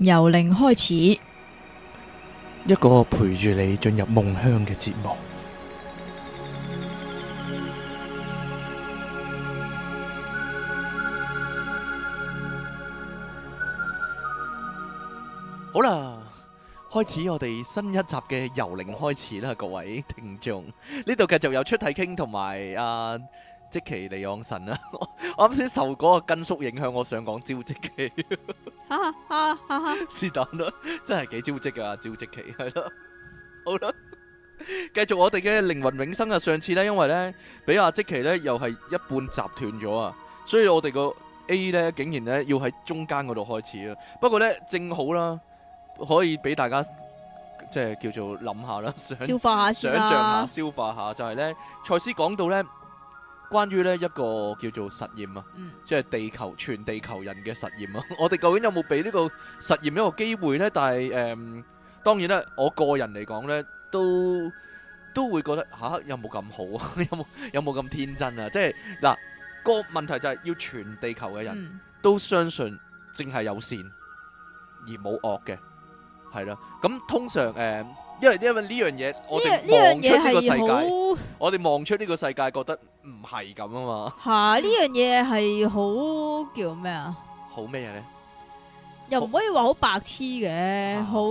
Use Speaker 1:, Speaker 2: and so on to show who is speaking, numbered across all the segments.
Speaker 1: 由零開始，
Speaker 2: 一個陪住你進入夢鄉嘅節目。好啦，開始我哋新一集嘅由零開始啦，各位聽眾，呢度繼續有出體傾同埋啊。即期嚟養神啦！我啱先受嗰個根叔影響，我想講招即期，哈哈哈哈哈，是但啦，真係幾招即嘅阿招即期，係咯，好啦，繼續我哋嘅靈魂永生啊！上次咧，因為咧，俾阿即期咧又係一半集斷咗啊，所以我哋個 A 咧竟然咧要喺中間嗰度開始啊！不過咧，正好啦，可以俾大家即係叫做諗下啦，想象下，消化下，想象下，消化下，就係咧，賽斯講到咧。關於呢一個叫做實驗啊，即係地球全地球人嘅實驗啊，我哋究竟有冇俾呢個實驗一個機會呢？但係誒，當然啦，我個人嚟講呢，都都會覺得吓有冇咁好啊？有冇有冇咁天真啊？即係嗱個問題就係要全地球嘅人都相信淨係有善而冇惡嘅，係啦。咁通常誒。因為因為呢樣嘢我哋望出呢個世界，我哋望出呢個世界覺得唔係咁啊嘛。
Speaker 1: 吓，呢樣嘢係好叫咩啊？
Speaker 2: 好咩咧？
Speaker 1: 又唔可以話好白痴嘅，好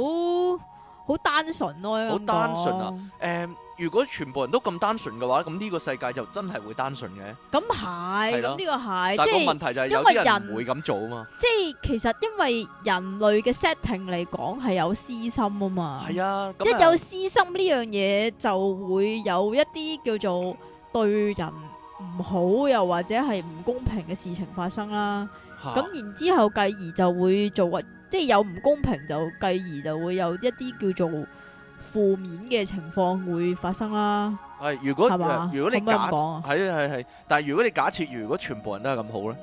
Speaker 1: 好單純咯，好單純啊。
Speaker 2: 誒。如果全部人都咁單純嘅話，咁呢個世界就真係會單純嘅。咁
Speaker 1: 係是，呢的個係。即係是個問題就係，有人唔會
Speaker 2: 咁做啊嘛。
Speaker 1: 即係其實因為人類嘅 setting 嚟講係有私心啊嘛。係啊。一有私心呢樣嘢，就會有一啲叫做對人唔好，又或者係唔公平嘅事情發生啦。
Speaker 2: 咁哈然
Speaker 1: 之後繼而就會做，即係有唔公平就繼而就會有一啲叫做。負面嘅情況會發生啦。
Speaker 2: 係如果如果你假係啊係係，但係如果你假設如果全部人都係咁好咧，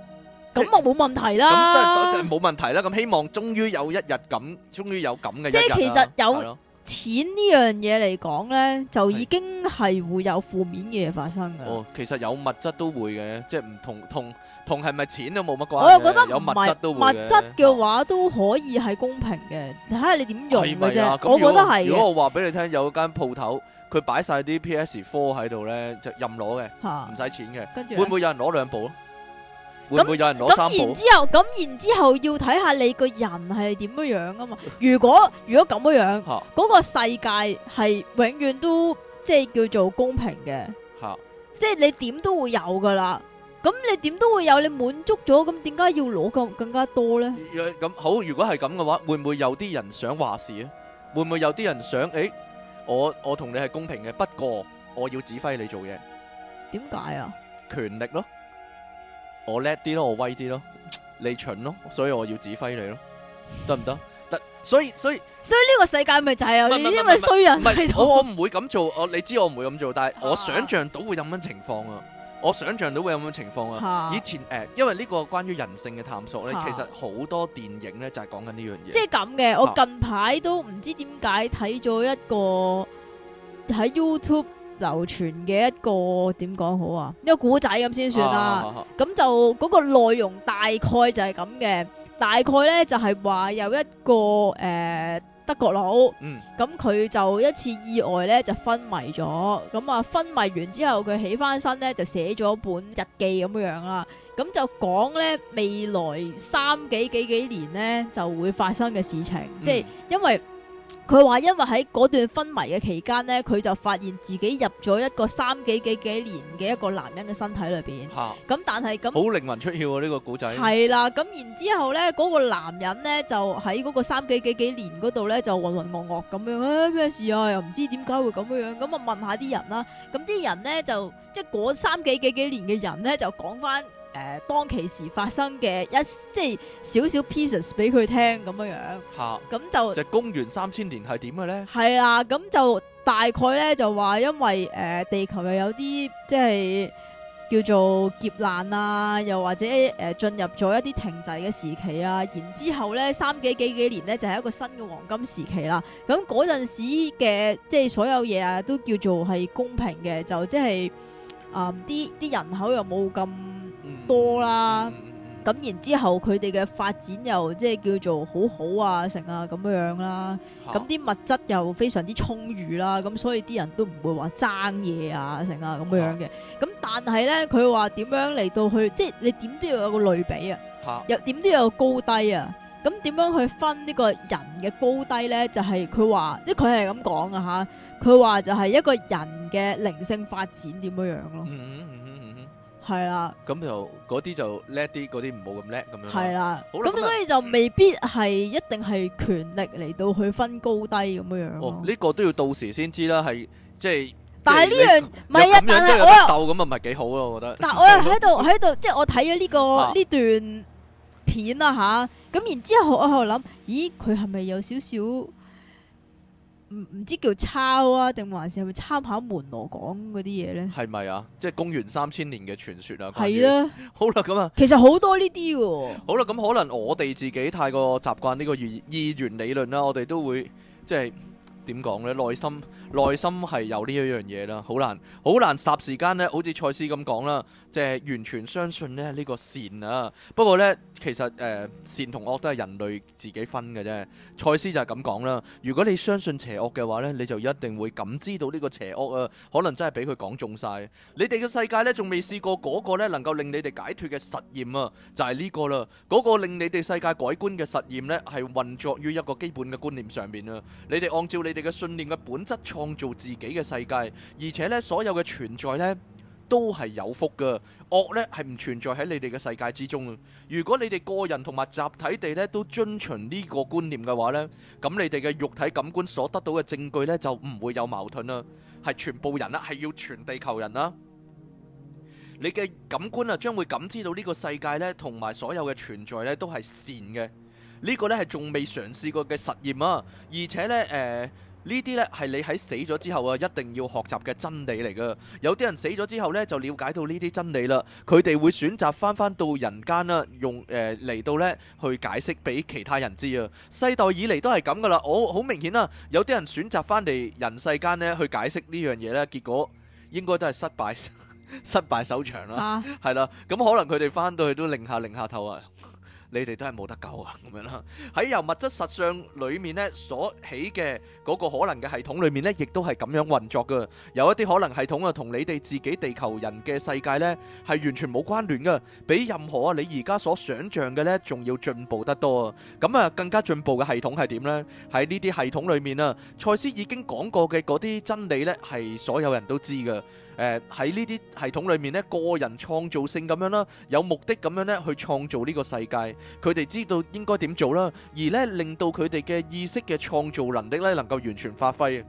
Speaker 1: 咁咪冇問題啦。
Speaker 2: 咁即係冇問題啦。咁希望終於有一日咁，終於有咁嘅。即係其實有
Speaker 1: 錢呢樣嘢嚟講咧，就已經係會有負面嘅嘢發生嘅。
Speaker 2: 哦，其實有物質都會嘅，即係唔同同。同係咪錢都冇乜關係？我又覺得有物質都會嘅。物質嘅
Speaker 1: 話都可以係公平嘅，睇下你點用嘅啫。我覺得係嘅。如果我
Speaker 2: 話俾你聽，有間鋪頭，佢擺晒啲 PS4 喺度咧，就任攞嘅，唔使錢嘅，跟住，會唔會有人攞兩部？會唔會有人攞三部？咁然之後，
Speaker 1: 咁然之後要睇下你個人係點樣樣噶嘛？如果如果咁樣樣，嗰個世界係永遠都即係叫做公平嘅。吓，即係你點都會有噶啦。咁你點都會有，你滿足咗，咁點解要攞更更加多咧？
Speaker 2: 咁好，如果係咁嘅話，會唔會有啲人想話事咧？會唔會有啲人想？誒，我我同你係公平嘅，不過我要指揮你做嘢。
Speaker 1: 點解啊？
Speaker 2: 權力咯，我叻啲咯，我威啲咯，你蠢咯，所以我要指揮你咯，得唔得？得，所以所以
Speaker 1: 所以呢個世界咪就係有啊，你呢啲咪衰人。唔係，我我
Speaker 2: 唔會咁做。我你知我唔會咁做，但係我想象到會有咁樣情況啊。我想像到會有咁樣情況啊！以前誒、呃，因為呢個關於人性嘅探索咧，啊、其實好多電影咧就係講緊呢樣嘢。即係咁嘅，我近
Speaker 1: 排都唔知點解睇咗一個喺 YouTube 流傳嘅一個點講好啊？一個故仔咁先算啦。咁、啊啊啊、就嗰個內容大概就係咁嘅，大概咧就係、是、話有一個誒。呃德國佬，咁佢、嗯、就一次意外咧就昏迷咗，咁、嗯、啊昏迷完之後佢起翻身咧就寫咗本日記咁樣啦，咁就講咧未來三幾幾幾年咧就會發生嘅事情，嗯、即係因為。佢話因為喺嗰段昏迷嘅期間呢，佢就發現自己入咗一個三幾幾幾年嘅一個男人嘅身體裏邊。吓咁、啊，但係咁好靈
Speaker 2: 魂出竅喎、啊這個、呢個古仔。係
Speaker 1: 啦，咁然之後呢，嗰個男人呢就喺嗰個三幾幾幾年嗰度呢就渾渾噩噩咁樣咩事啊，又唔知點解會咁樣樣，咁啊問下啲人啦。咁啲人呢，就即係嗰三幾幾幾年嘅人呢，就講翻。誒、呃，當其時發生嘅一即係少少 pieces 俾佢聽咁樣樣，咁、
Speaker 2: 啊、就即係公元三千年係點嘅咧？
Speaker 1: 係啦，咁就大概咧就話因為誒、呃、地球又有啲即係叫做劫難啊，又或者誒進、呃、入咗一啲停滯嘅時期啊，然之後咧三幾幾幾年咧就係、係、一個新嘅黃金時期啦。咁嗰陣時嘅即係所有嘢啊都叫做係公平嘅，就即係。啊！啲啲、呃、人口又冇咁多啦，咁、嗯嗯、然之後佢哋嘅發展又即係叫做好好啊，成啊咁樣啦，咁啲、嗯、物質又非常之充裕啦，咁所以啲人都唔會話爭嘢啊，成啊咁樣嘅。咁但係咧，佢話點樣嚟到去，即係你點都要有個類比啊，又點、嗯、都要有高低啊。咁點樣去分呢個人嘅高低咧？就係佢話，即係佢係咁講㗎吓。佢話就係一個人嘅靈性發展點樣樣咯。嗯嗯
Speaker 2: 嗯嗯，係啦。咁就嗰啲就叻啲，嗰啲唔好咁叻咁樣。係啦。咁所以就未
Speaker 1: 必係一定係權力嚟到去分高低咁樣樣咯。哦，
Speaker 2: 呢個都要到時先知啦，係即係。但係呢樣唔係啊，但係我又鬥咁啊，唔係幾好啊，我覺得。但係我又喺度喺
Speaker 1: 度，即係我睇咗呢個呢段。片啊，吓，咁然之後我喺度諗，咦佢係咪有少少唔唔知叫抄啊，定還是係咪參考門羅講嗰啲嘢咧？
Speaker 2: 係咪啊？即係公元三千年嘅傳說啊？係啊！好啦，咁、嗯、啊，
Speaker 1: 其實好多呢啲喎。
Speaker 2: 好啦，咁可能我哋自己太過習慣呢個議員理論啦，我哋都會即係點講咧？內心。內心係有呢一樣嘢啦，好難好難霎時間咧，好似賽斯咁講啦，即係完全相信咧呢個善啊。不過呢，其實誒、呃、善同惡都係人類自己分嘅啫。賽斯就係咁講啦。如果你相信邪惡嘅話呢，你就一定會感知到呢個邪惡啊。可能真係俾佢講中晒。」你哋嘅世界呢，仲未試過嗰個咧能夠令你哋解脫嘅實驗啊，就係、是、呢個啦。嗰、那個令你哋世界改觀嘅實驗呢，係運作於一個基本嘅觀念上面啊。你哋按照你哋嘅信念嘅本質錯創造自己嘅世界，而且咧所有嘅存在咧都係有福噶惡咧係唔存在喺你哋嘅世界之中啊！如果你哋個人同埋集體地咧都遵循呢個觀念嘅話咧，咁你哋嘅肉體感官所得到嘅證據咧就唔會有矛盾啦，係全部人啦，係要全地球人啦，你嘅感官啊將會感知到呢個世界咧同埋所有嘅存在咧都係善嘅，呢個咧係仲未嘗試過嘅實驗啊，而且咧誒。呢啲呢，係你喺死咗之後啊，一定要學習嘅真理嚟噶。有啲人死咗之後呢，就了解到呢啲真理啦。佢哋會選擇翻翻到人間啦，用誒嚟、呃、到呢去解釋俾其他人知啊。世代以嚟都係咁噶啦。我、哦、好明顯啊，有啲人選擇翻嚟人世間呢去解釋呢樣嘢咧，結果應該都係失敗， 失敗收場啦。係啦、啊，咁、嗯、可能佢哋翻到去都擰下擰下頭啊。你哋都係冇得救啊！咁樣啦，喺由物質實相裏面咧所起嘅嗰個可能嘅系統裏面咧，亦都係咁樣運作噶。有一啲可能系統啊，同你哋自己地球人嘅世界咧係完全冇關聯噶，比任何啊你而家所想象嘅咧仲要進步得多啊。咁啊，更加進步嘅系統係點咧？喺呢啲系統裏面啊，賽斯已經講過嘅嗰啲真理咧，係所有人都知噶。誒，喺呢啲系統裏面咧，個人創造性咁樣啦，有目的咁樣咧去創造呢個世界。佢哋知道應該點做啦，而咧令到佢哋嘅意識嘅創造能力咧，能夠完全發揮。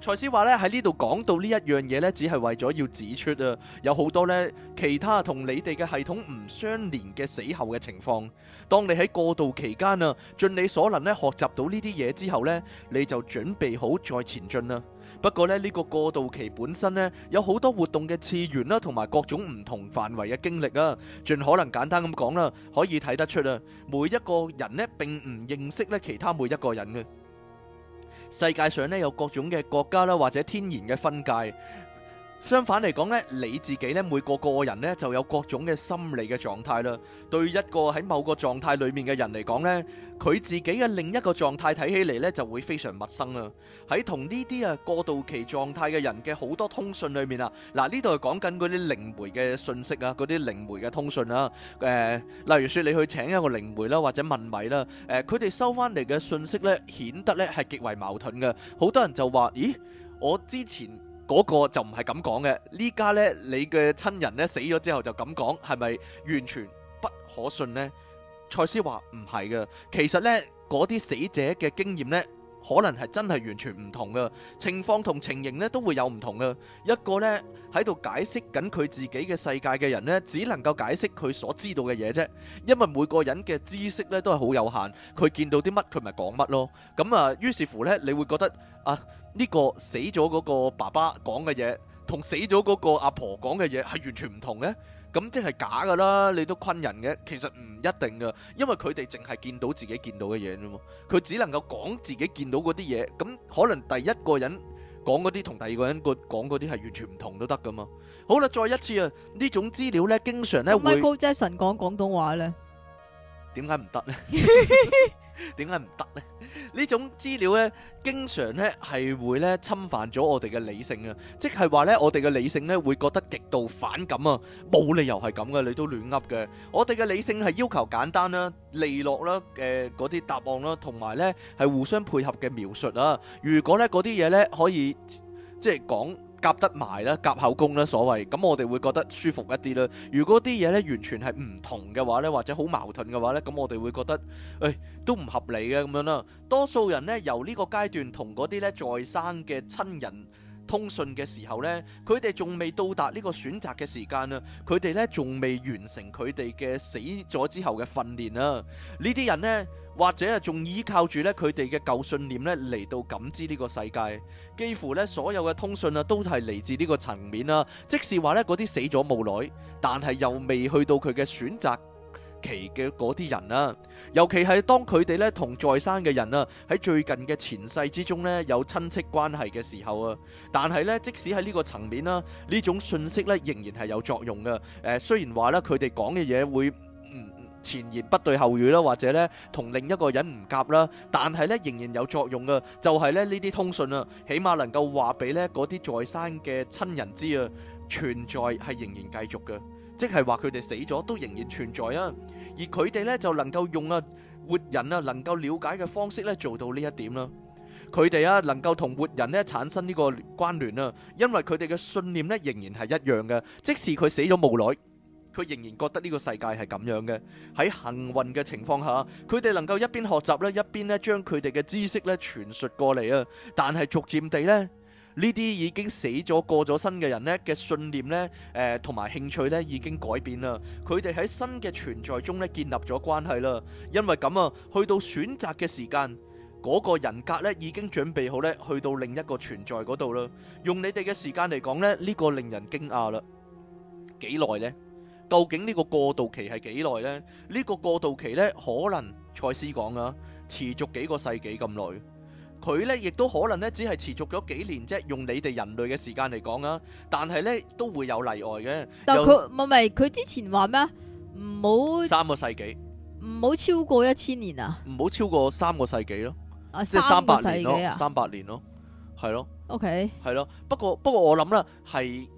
Speaker 2: 賽斯話咧喺呢度講到呢一樣嘢咧，只係為咗要指出啊，有好多咧其他同你哋嘅系統唔相連嘅死後嘅情況。當你喺過渡期間啊，盡你所能咧學習到呢啲嘢之後咧，你就準備好再前進啦。不過咧，呢個過渡期本身咧，有好多活動嘅次元啦，同埋各種唔同範圍嘅經歷啊，盡可能簡單咁講啦，可以睇得出啊，每一個人咧並唔認識咧其他每一個人。世界上咧有各種嘅國家啦，或者天然嘅分界。相反嚟講咧，你自己咧每個個人咧就有各種嘅心理嘅狀態啦。對一個喺某個狀態裏面嘅人嚟講咧，佢自己嘅另一個狀態睇起嚟咧就會非常陌生啦。喺同呢啲啊過渡期狀態嘅人嘅好多通訊裏面啊，嗱呢度係講緊嗰啲靈媒嘅信息啊，嗰啲靈媒嘅通訊啦。誒，例如説你去請一個靈媒啦，或者問米啦，誒佢哋收翻嚟嘅信息咧顯得咧係極為矛盾嘅。好多人就話：咦，我之前。嗰個就唔係咁講嘅，呢家呢，你嘅親人呢死咗之後就咁講，係咪完全不可信呢？賽斯話唔係嘅，其實呢，嗰啲死者嘅經驗呢。可能係真係完全唔同㗎，情況同情形呢都會有唔同㗎。一個呢喺度解釋緊佢自己嘅世界嘅人呢，只能夠解釋佢所知道嘅嘢啫，因為每個人嘅知識呢都係好有限，佢見到啲乜佢咪講乜咯。咁、嗯、啊，於是乎呢，你會覺得啊，呢、這個死咗嗰個爸爸講嘅嘢，同死咗嗰個阿婆講嘅嘢係完全唔同咧。咁即係假噶啦，你都昆人嘅。其實唔一定噶，因為佢哋淨係見到自己見到嘅嘢啫嘛，佢只能夠講自己見到嗰啲嘢，咁可能第一個人講嗰啲同第二個人個講嗰啲係完全唔同都得噶嘛。好啦，再一次啊，種資呢種資料咧，經常咧 Michael
Speaker 1: Jackson 講廣東話咧？
Speaker 2: 點解唔得咧？ 點解唔得呢？種資呢種資料咧，經常咧係會咧侵犯咗我哋嘅理性啊！即係話呢，我哋嘅理性咧會覺得極度反感啊！冇理由係咁嘅，你都亂噏嘅。我哋嘅理性係要求簡單啦、利落啦、誒嗰啲答案啦，同埋呢係互相配合嘅描述啊。如果呢嗰啲嘢呢可以即係講。就是夾得埋啦，夾口供啦。所謂咁我哋會覺得舒服一啲啦。如果啲嘢咧完全係唔同嘅話咧，或者好矛盾嘅話咧，咁我哋會覺得誒、哎、都唔合理嘅咁樣啦。多數人咧由呢個階段同嗰啲咧在生嘅親人。通訊嘅時候咧，佢哋仲未到達呢個選擇嘅時間啊！佢哋咧仲未完成佢哋嘅死咗之後嘅訓練啊！呢啲人咧，或者係仲依靠住咧佢哋嘅舊信念咧嚟到感知呢個世界。幾乎咧所有嘅通訊啊，都係嚟自呢個層面啊！即使話咧嗰啲死咗冇耐，但係又未去到佢嘅選擇。其嘅啲人啦、啊，尤其係當佢哋咧同在生嘅人啊，喺最近嘅前世之中咧有親戚關係嘅時候啊，但係咧即使喺呢個層面啦、啊，呢種信息咧仍然係有作用嘅。誒、呃，雖然話咧佢哋講嘅嘢會嗯、呃、前言不對後語啦，或者咧同另一個人唔夾啦，但係咧仍然有作用嘅，就係、是、咧呢啲通訊啊，起碼能夠話俾咧嗰啲在生嘅親人知啊，存在係仍然繼續嘅，即係話佢哋死咗都仍然存在啊。而佢哋咧就能夠用啊活人啊能夠了解嘅方式咧做到呢一點啦，佢哋啊能夠同活人咧產生呢個關聯啊，因為佢哋嘅信念咧仍然係一樣嘅，即使佢死咗無耐，佢仍然覺得呢個世界係咁樣嘅。喺幸運嘅情況下，佢哋能夠一邊學習咧，一邊呢，將佢哋嘅知識咧傳述過嚟啊，但係逐漸地咧。呢啲已經死咗過咗身嘅人咧嘅信念咧，誒同埋興趣咧已經改變啦。佢哋喺新嘅存在中咧建立咗關係啦。因為咁啊，去到選擇嘅時間，嗰個人格咧已經準備好咧去到另一個存在嗰度啦。用你哋嘅時間嚟講咧，呢個令人驚訝啦。幾耐咧？究竟呢個過渡期係幾耐咧？呢個過渡期咧可能賽斯講啊，持續幾個世紀咁耐。佢咧亦都可能咧，只係持續咗幾年啫，用你哋人類嘅時間嚟講啊，但係咧都會有例外嘅。但佢
Speaker 1: 唔係佢之前話咩？唔好三個世紀，唔好超過一千年啊，
Speaker 2: 唔好超過三個世紀咯，即係三百年咯，三百年咯，係咯，OK，係咯。不過不過我諗啦，係。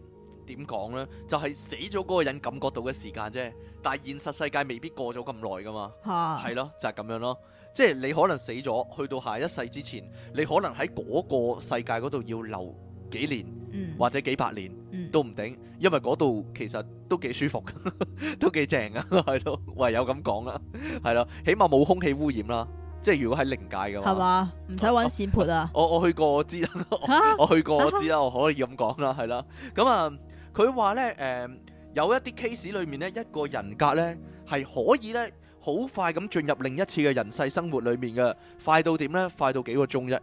Speaker 2: 點講咧，就係死咗嗰個人感覺到嘅時間啫。但係現實世界未必過咗咁耐噶嘛，係咯，就係咁樣咯。即係你可能死咗，去到下一世之前，你可能喺嗰個世界嗰度要留幾年，或者幾百年都唔定，因為嗰度其實都幾舒服噶，都幾正啊，係咯，唯有咁講啦，係咯，起碼冇空氣污染啦。即係如果喺靈界嘅話，係
Speaker 1: 嘛，唔使搵閃潑啊。
Speaker 2: 我我去過，我知啦。我去過，我知啦，我可以咁講啦，係啦。咁啊。佢話咧，誒、呃、有一啲 case 裏面咧，一個人格咧係可以咧好快咁進入另一次嘅人世生，生活裏面嘅，快到點咧？快到幾個鐘啫？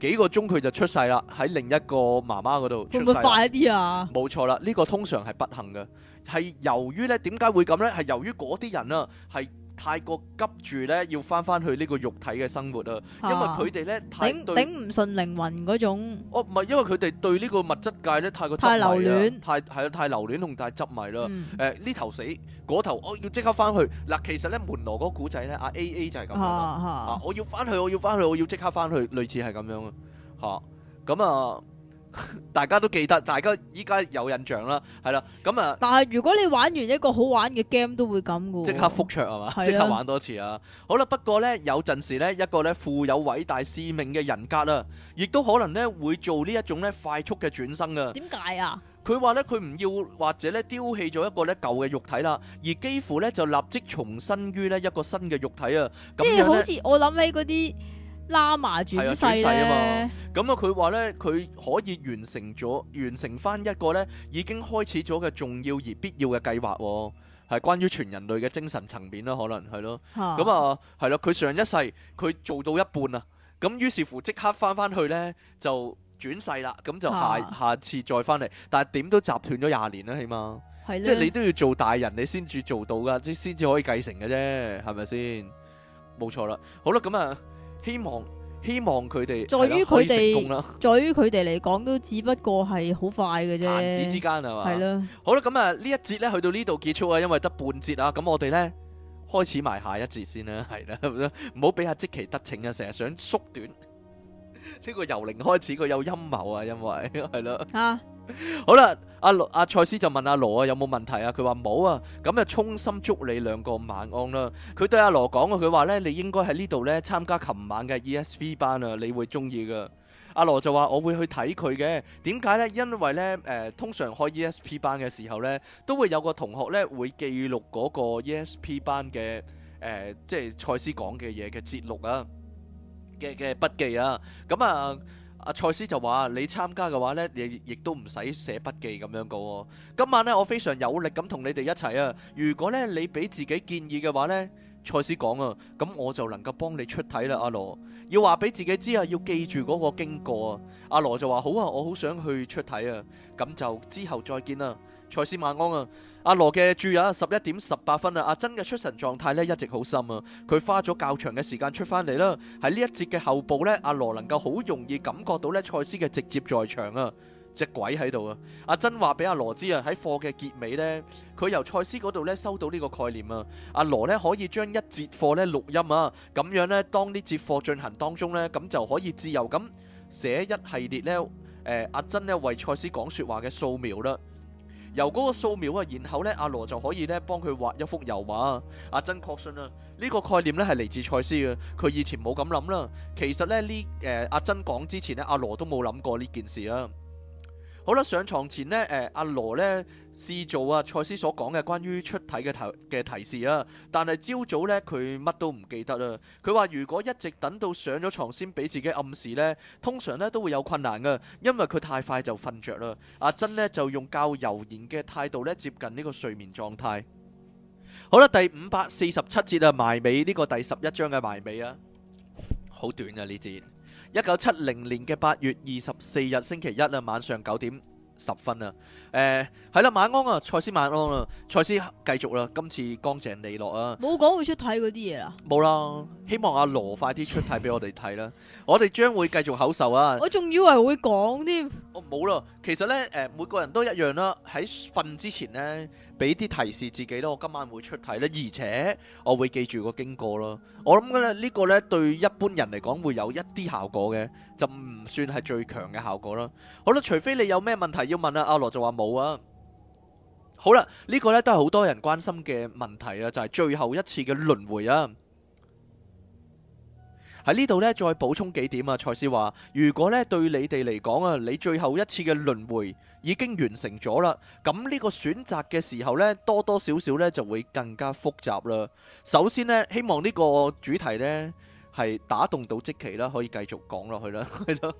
Speaker 2: 幾個鐘佢就出世啦，喺另一個媽媽嗰度。會唔會快一啲啊？冇錯啦，呢、這個通常係不幸嘅，係由於咧點解會咁咧？係由於嗰啲人啊係。太過急住咧，要翻翻去呢個肉體嘅生活啊！因為佢哋咧，啊、對頂頂
Speaker 1: 唔順靈魂嗰種。
Speaker 2: 哦、啊，唔係，因為佢哋對呢個物質界咧太過執迷啦。太係啊，太留戀同太執迷啦。誒呢、嗯欸、頭死，嗰頭我要即刻翻去。嗱，其實咧門羅嗰個古仔咧，阿 A. A A 就係咁啊，啊！我要翻去，我要翻去，我要即刻翻去，類似係咁樣、啊、樣啊！嚇咁啊～大家都記得，大家依家有印象啦，係啦，咁啊。但
Speaker 1: 係如果你玩完一個好玩嘅 game 都會咁
Speaker 2: 噶喎。即刻復場係嘛，即刻玩多次啊。好啦，不過咧，有陣時咧，一個咧富有偉大使命嘅人格啦，亦都可能咧會做呢一種咧快速嘅轉生噶。點解啊？佢話咧，佢唔要或者咧丟棄咗一個咧舊嘅肉體啦，而幾乎咧就立即重生於咧一個新嘅肉體啊。即係好似
Speaker 1: 我諗起嗰啲。喇嘛埋轉世咧，
Speaker 2: 咁啊！佢話咧，佢、嗯嗯、可以完成咗完成翻一個咧，已經開始咗嘅重要而必要嘅計劃，哦，係關於全人類嘅精神層面啦，啊。可能係咯，咁啊，係咯、嗯。佢、啊啊、上一世佢做到一半啊，咁於是乎即刻翻翻去咧就轉世啦，咁就下下次再翻嚟，但係點都截斷咗廿年啦，起碼，即係、啊、 你都要做大人，你先至做到噶，即先至可以繼承嘅啫，係咪先？冇錯啦。好啦，咁啊。希望希望佢哋，在於佢哋，
Speaker 1: 在於佢哋嚟講都只不過係好快嘅啫，閒子之，之間係嘛是的？係咯。
Speaker 2: 好啦，咁啊呢一節咧去到呢度結束啊，因為得半節啊。咁我哋咧開始埋下一節先啦，係啦，唔好俾阿積奇得逞啊！成日想縮短呢 個由零開始，佢有陰謀啊，因為係咯。嚇！ 好啦，阿阿賽斯就問阿、啊、羅啊，有冇問題啊？佢話冇啊。咁啊，衷心祝你兩個晚安啦。佢對阿羅講過，佢話咧你應該喺呢度咧參加琴晚嘅 E S P 班啊，你會中意噶。阿、啊、羅就話我會去睇佢嘅。點解咧？因為咧，誒、呃，通常開 E S P 班嘅時候咧，都會有個同學咧會記錄嗰個 E S P 班嘅誒、呃，即係賽斯講嘅嘢嘅節錄啊，嘅嘅筆記啊，咁啊。阿蔡斯就話，你參加嘅話呢，亦亦都唔使寫筆記咁樣噶。今晚呢，我非常有力咁同你哋一齊啊。如果呢，你俾自己建議嘅話呢，蔡斯講啊，咁我就能夠幫你出體啦。阿羅要話俾自己知啊，要記住嗰個經過啊。阿羅就話，好啊，我好想去出體啊。咁就之後再見啦。蔡斯晚安啊。阿羅嘅注啊，十一點十八分啊！阿珍嘅出神狀態咧，一直好深啊！佢花咗較長嘅時間出翻嚟啦。喺呢一節嘅後部咧，阿羅能夠好容易感覺到咧，賽斯嘅直接在場啊，隻鬼喺度啊！阿珍話俾阿羅知啊，喺課嘅結尾咧，佢由賽斯嗰度咧收到呢個概念啊！阿羅咧可以將一節課咧錄音啊，咁樣咧當呢節課進行當中咧，咁就可以自由咁寫一系列咧，誒、呃、阿珍咧為賽斯講說話嘅素描啦。由嗰個素描啊，然後咧阿羅就可以咧幫佢畫一幅油畫。阿珍確信啦，呢、這個概念咧係嚟自賽斯嘅，佢以前冇咁諗啦。其實咧呢誒、呃、阿珍講之前咧，阿羅都冇諗過呢件事啊。好啦，上床前咧誒、呃、阿羅咧。試做啊！賽斯所講嘅關於出體嘅提嘅提示啊，但係朝早呢，佢乜都唔記得啦。佢話：如果一直等到上咗床先俾自己暗示呢，通常呢都會有困難噶，因為佢太快就瞓着啦。阿珍呢，就用較悠然嘅態度呢接近呢個睡眠狀態。好啦，第五百四十七節啊，埋尾呢個第十一章嘅埋尾啊，好短啊呢節。一九七零年嘅八月二十四日星期一啊，晚上九點。十分啊！誒、呃，係啦，晚安啊，賽斯晚安啊，賽斯繼續啦，今次乾淨利落啊！
Speaker 1: 冇講會出體嗰啲嘢啦，
Speaker 2: 冇啦，希望阿羅快啲出體俾我哋睇啦， 我哋將會繼續口授啊！我
Speaker 1: 仲以為會講添，
Speaker 2: 哦冇啦，其實咧，誒、呃，每個人都一樣啦，喺瞓之前咧。 俾啲提示自己咯，我今晚會出體咧，而且我會記住個經過咯。我諗呢個咧對一般人嚟講會有一啲效果嘅，就唔算係最強嘅效果咯。好啦，除非你有咩問題要問啊，阿羅就話冇啊。好啦，呢個呢都係好多人關心嘅問題啊，就係最後一次嘅輪回啊。喺呢度咧，再補充幾點啊！賽斯話：如果咧對你哋嚟講啊，你最後一次嘅輪迴已經完成咗啦，咁呢個選擇嘅時候咧，多多少少咧就會更加複雜啦。首先呢，希望呢個主題咧係打動到即期啦，可以繼續講落去啦，係咯，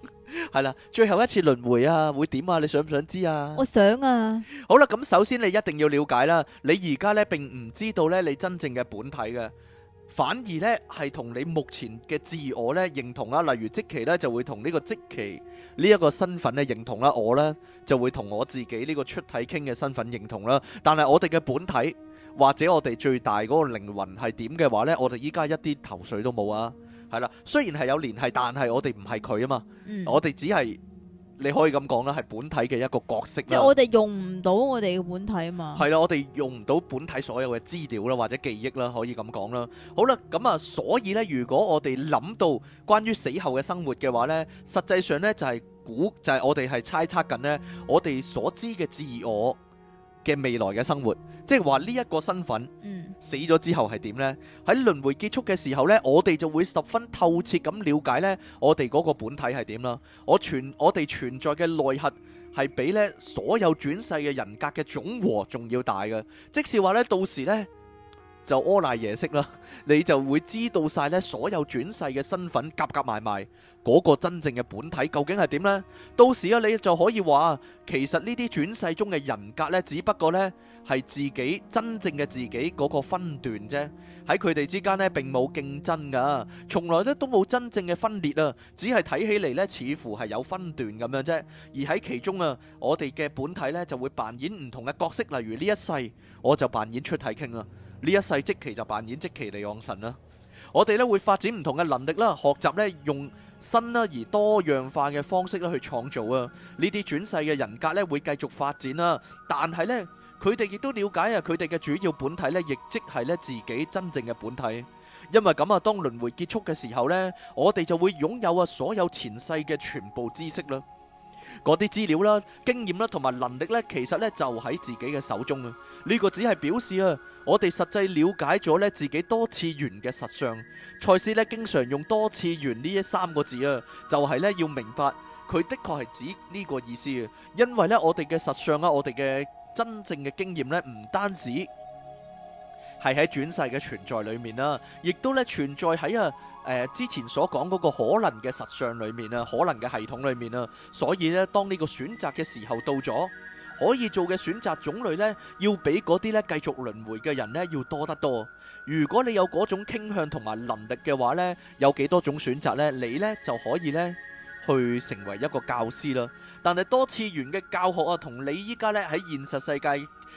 Speaker 2: 係啦，最後一次輪迴啊，會點啊？你想唔想知啊？我
Speaker 1: 想啊。
Speaker 2: 好啦，咁首先你一定要了解啦，你而家咧並唔知道咧你真正嘅本體嘅。反而呢，係同你目前嘅自我呢，認同啦，例如職期呢，就會同呢個職期呢一個身份呢認同啦，我呢，就會同我自己呢個出體傾嘅身份認同啦。但係我哋嘅本體或者我哋最大嗰個靈魂係點嘅話呢？我哋依家一啲頭緒都冇啊。係啦，雖然係有聯繫，但係我哋唔係佢啊嘛，嗯、我哋只係。你可以咁講啦，係本體嘅一個角色。即係我哋
Speaker 1: 用唔到我哋嘅本體啊嘛。係
Speaker 2: 啦，我哋用唔到本體所有嘅資料啦，或者記憶啦，可以咁講啦。好啦，咁啊，所以呢，如果我哋諗到關於死後嘅生活嘅話呢，實際上呢，就係估，就係我哋係猜測緊呢，我哋所知嘅自我，嘅未來嘅生活，即係話呢一個身份，死咗之後係點呢？喺輪迴結束嘅時候呢，我哋就會十分透徹咁了解呢。我哋嗰個本體係點啦？我存我哋存在嘅內核係比呢所有轉世嘅人格嘅總和仲要大嘅，即是話呢，到時呢。就柯賴耶識啦，你就會知道晒咧所有轉世嘅身份夾夾埋埋，嗰個真正嘅本體究竟係點咧？到時啊，你就可以話，其實呢啲轉世中嘅人格咧，只不過咧係自己真正嘅自己嗰個分段啫，喺佢哋之間咧並冇競爭㗎，從來咧都冇真正嘅分裂啊，只係睇起嚟咧似乎係有分段咁樣啫。而喺其中啊，我哋嘅本體咧就會扮演唔同嘅角色，例如呢一世我就扮演出體傾啦。呢一世即期就扮演即期利昂神啦，我哋咧會發展唔同嘅能力啦，學習咧用新啦而多樣化嘅方式咧去創造啊，呢啲轉世嘅人格咧會繼續發展啦，但係咧佢哋亦都了解啊，佢哋嘅主要本體咧亦即係咧自己真正嘅本體，因為咁啊，當輪迴結束嘅時候咧，我哋就會擁有啊所有前世嘅全部知識啦。嗰啲資料啦、經驗啦同埋能力呢，其實呢就喺自己嘅手中啊！呢個只係表示啊，我哋實際了解咗呢自己多次元嘅實相。賽斯呢，經常用多次元呢三個字啊，就係呢要明白佢的確係指呢個意思啊。因為呢，我哋嘅實相啊，我哋嘅真正嘅經驗呢，唔單止係喺轉世嘅存在裏面啦，亦都呢存在喺啊。誒，之前所講嗰個可能嘅實相裏面啊，可能嘅系統裏面啊，所以呢，當呢個選擇嘅時候到咗，可以做嘅選擇種類呢，要比嗰啲呢繼續輪迴嘅人呢要多得多。如果你有嗰種傾向同埋能力嘅話呢，有幾多種選擇呢，你呢就可以呢去成為一個教師啦。但係多次元嘅教學啊，同你依家呢喺現實世界，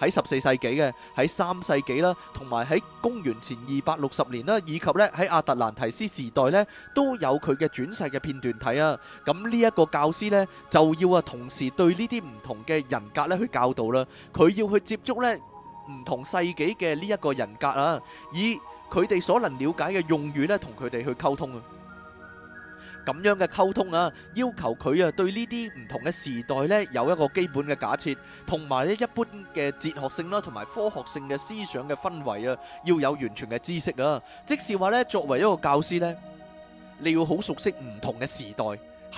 Speaker 2: 喺十四世紀嘅，喺三世紀啦，同埋喺公元前二百六十年啦，以及咧喺亞特蘭提斯時代咧，都有佢嘅轉世嘅片段睇啊。咁呢一個教師咧，就要啊同時對呢啲唔同嘅人格咧去教導啦。佢要去接觸咧唔同世紀嘅呢一個人格啊，以佢哋所能瞭解嘅用語咧，同佢哋去溝通啊。咁樣嘅溝通啊，要求佢啊，對呢啲唔同嘅時代呢，有一個基本嘅假設，同埋呢一般嘅哲學性啦，同埋科學性嘅思想嘅氛圍啊，要有完全嘅知識啊。即是話呢，作為一個教師呢，你要好熟悉唔同嘅時代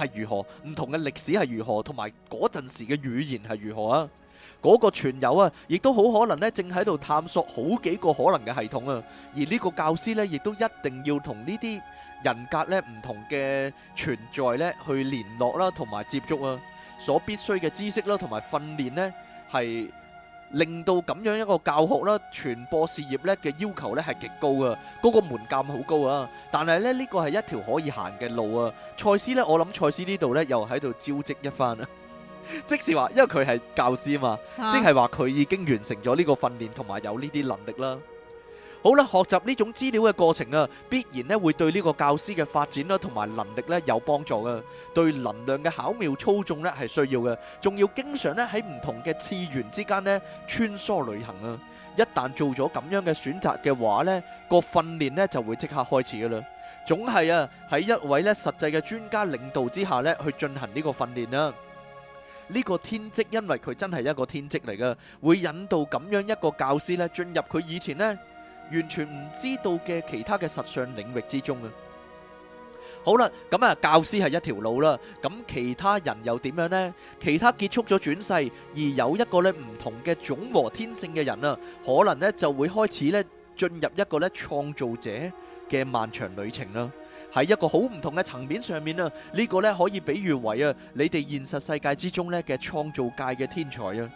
Speaker 2: 係如何，唔同嘅歷史係如何，同埋嗰陣時嘅語言係如何啊。嗰個傳友啊，亦都好可能呢，正喺度探索好幾個可能嘅系統啊。而呢個教師呢，亦都一定要同呢啲。人格咧唔同嘅存在咧，去聯絡啦，同埋接觸啊，所必須嘅知識啦，同埋訓練咧，係令到咁樣一個教學啦，傳播事業咧嘅要求咧係極高嘅，嗰個門檻好高啊！但係咧呢個係一條可以行嘅路啊！賽斯咧，我諗賽斯呢度咧又喺度招積一番啊！即是話，因為佢係教師啊嘛，即係話佢已經完成咗呢個訓練，同埋有呢啲能力啦。好啦，學習呢種資料嘅過程啊，必然呢會對呢個教師嘅發展啦，同埋能力呢有幫助嘅。對能量嘅巧妙操縱呢係需要嘅，仲要經常呢喺唔同嘅次元之間呢穿梭旅行啊！一旦做咗咁樣嘅選擇嘅話呢，個訓練呢就會即刻開始噶啦。總係啊，喺一位呢實際嘅專家領導之下呢去進行呢個訓練啊。呢、呢個天職因為佢真係一個天職嚟噶，會引導咁樣一個教師呢進入佢以前呢。完全唔知道嘅其他嘅實相領域之中啊！好啦，咁啊，教師係一條路啦。咁其他人又點樣呢？其他結束咗轉世，而有一個咧唔同嘅總和天性嘅人啊，可能咧就會開始咧進入一個咧創造者嘅漫長旅程啦。喺一個好唔同嘅層面上面啊，呢個咧可以比喻為啊你哋現實世界之中咧嘅創造界嘅天才啊。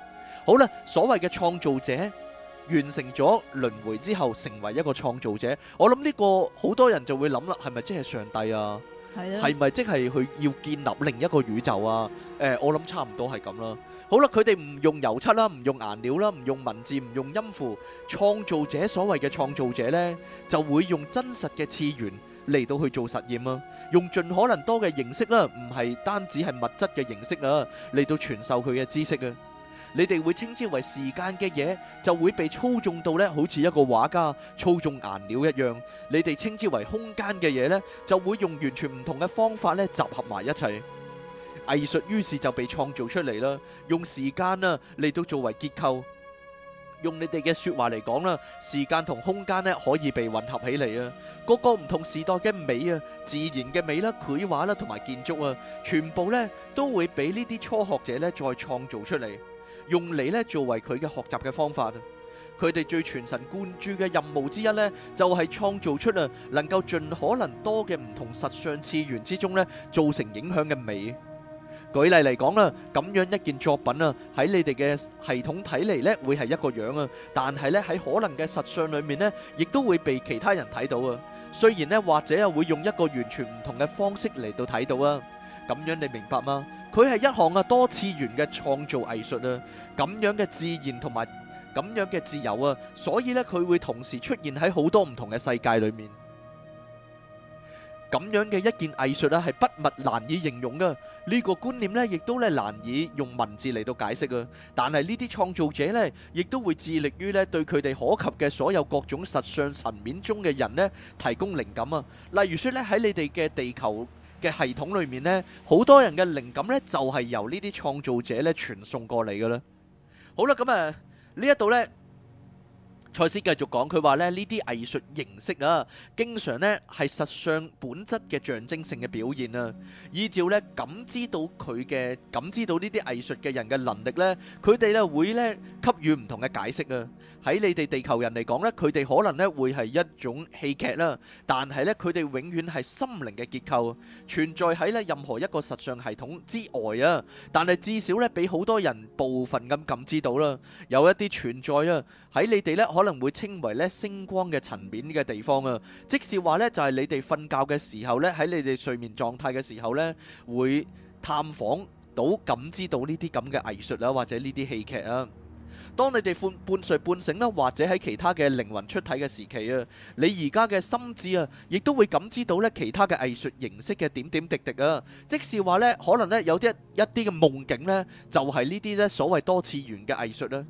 Speaker 2: 好啦，所謂嘅創造者。完成咗輪迴之後，成為一個創造者，我諗呢個好多人就會諗啦，係咪即係上帝啊？係啊。係咪即係佢要建立另一個宇宙啊？誒，我諗差唔多係咁啦。好啦，佢哋唔用油漆啦，唔用顏料啦，唔用文字，唔用音符，創造者，所謂嘅創造者呢，就會用真實嘅次元嚟到去做實驗啊，用盡可能多嘅形式啦，唔係單只係物質嘅形式啊，嚟到傳授佢嘅知識啊。你哋會稱之為時間嘅嘢，就會被操縱到咧，好似一個畫家操縱顏料一樣。你哋稱之為空間嘅嘢咧，就會用完全唔同嘅方法咧集合埋一齊。藝術於是就被創造出嚟啦。用時間啊，嚟到作為結構。用你哋嘅説話嚟講啦，時間同空間咧可以被混合起嚟啊。各個唔同時代嘅美啊，自然嘅美啦、繪畫啦同埋建築啊，全部咧都會俾呢啲初學者咧再創造出嚟。用嚟咧作為佢嘅學習嘅方法啊。佢哋最全神貫注嘅任務之一咧，就係創造出啊能夠盡可能多嘅唔同實相次元之中咧造成影響嘅美。舉例嚟講啦，咁樣一件作品啊，喺你哋嘅系統睇嚟咧會係一個樣啊，但係咧喺可能嘅實相裏面咧，亦都會被其他人睇到啊。雖然咧或者啊會用一個完全唔同嘅方式嚟到睇到啊。咁樣你明白嗎？佢係一項啊多次元嘅創造藝術啊，咁樣嘅自然同埋咁樣嘅自由啊，所以呢佢會同時出現喺好多唔同嘅世界裏面。咁樣嘅一件藝術啊，係筆墨難以形容嘅。呢個觀念呢，亦都咧難以用文字嚟到解釋啊。但係呢啲創造者呢，亦都會致力於呢對佢哋可及嘅所有各種實相層面中嘅人呢提供靈感啊。例如說呢喺你哋嘅地球。嘅系統裏面呢，好多人嘅靈感呢，就係由呢啲創造者咧傳送過嚟嘅啦。好啦，咁啊呢一度呢。賽斯繼續講，佢話咧呢啲藝術形式啊，經常咧係實相本質嘅象徵性嘅表現啊。依照咧感知到佢嘅感知到呢啲藝術嘅人嘅能力咧，佢哋咧會咧給予唔同嘅解釋啊。喺你哋地球人嚟講咧，佢哋可能咧會係一種戲劇啦，但係咧佢哋永遠係心靈嘅結構存在喺咧任何一個實相系統之外啊。但係至少咧俾好多人部分咁感知到啦，有一啲存在啊喺你哋咧可。可能會稱為咧星光嘅層面嘅地方啊，即是話呢就係、是、你哋瞓覺嘅時候呢，喺你哋睡眠狀態嘅時候呢會探訪到、感知到呢啲咁嘅藝術啊，或者呢啲戲劇啊。當你哋半睡半醒啦，或者喺其他嘅靈魂出體嘅時期啊，你而家嘅心智啊，亦都會感知到呢其他嘅藝術形式嘅點點滴滴啊。即是話呢可能呢，有啲一啲嘅夢境呢，就係呢啲呢所謂多次元嘅藝術啦。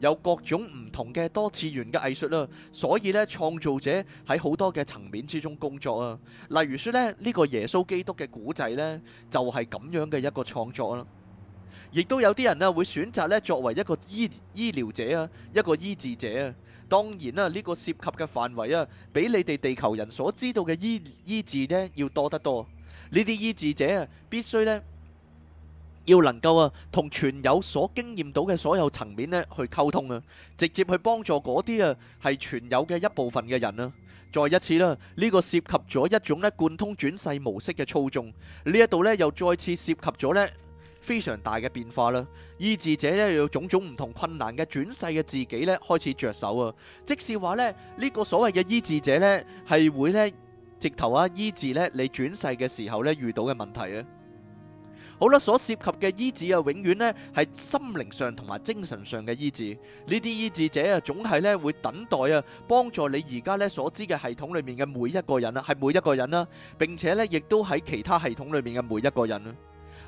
Speaker 2: 有各種唔同嘅多次元嘅藝術啦，所以咧創造者喺好多嘅層面之中工作啊。例如説咧呢個耶穌基督嘅古仔呢就係咁樣嘅一個創作啦。亦都有啲人咧會選擇咧作為一個醫醫療者啊，一個醫治者啊。當然啦，呢個涉及嘅範圍啊，比你哋地球人所知道嘅醫醫治咧要多得多。呢啲醫治者啊，必須咧，要能夠啊，同全友所經驗到嘅所有層面咧，去溝通啊，直接去幫助嗰啲啊，係全友嘅一部分嘅人啦。再一次啦，呢個涉及咗一種咧貫通轉世模式嘅操縱，呢一度咧又再次涉及咗咧非常大嘅變化啦。醫治者咧有種種唔同困難嘅轉世嘅自己咧開始着手啊，即是話咧呢個所謂嘅醫治者咧係會咧直頭啊醫治咧你轉世嘅時候咧遇到嘅問題啊。好啦，所涉及嘅醫治啊，永遠呢係心靈上同埋精神上嘅醫治。呢啲醫治者啊，總係呢會等待啊，幫助你而家呢所知嘅系統裏面嘅每一個人啊，係每一個人啦，並且呢亦都喺其他系統裏面嘅每一個人啦，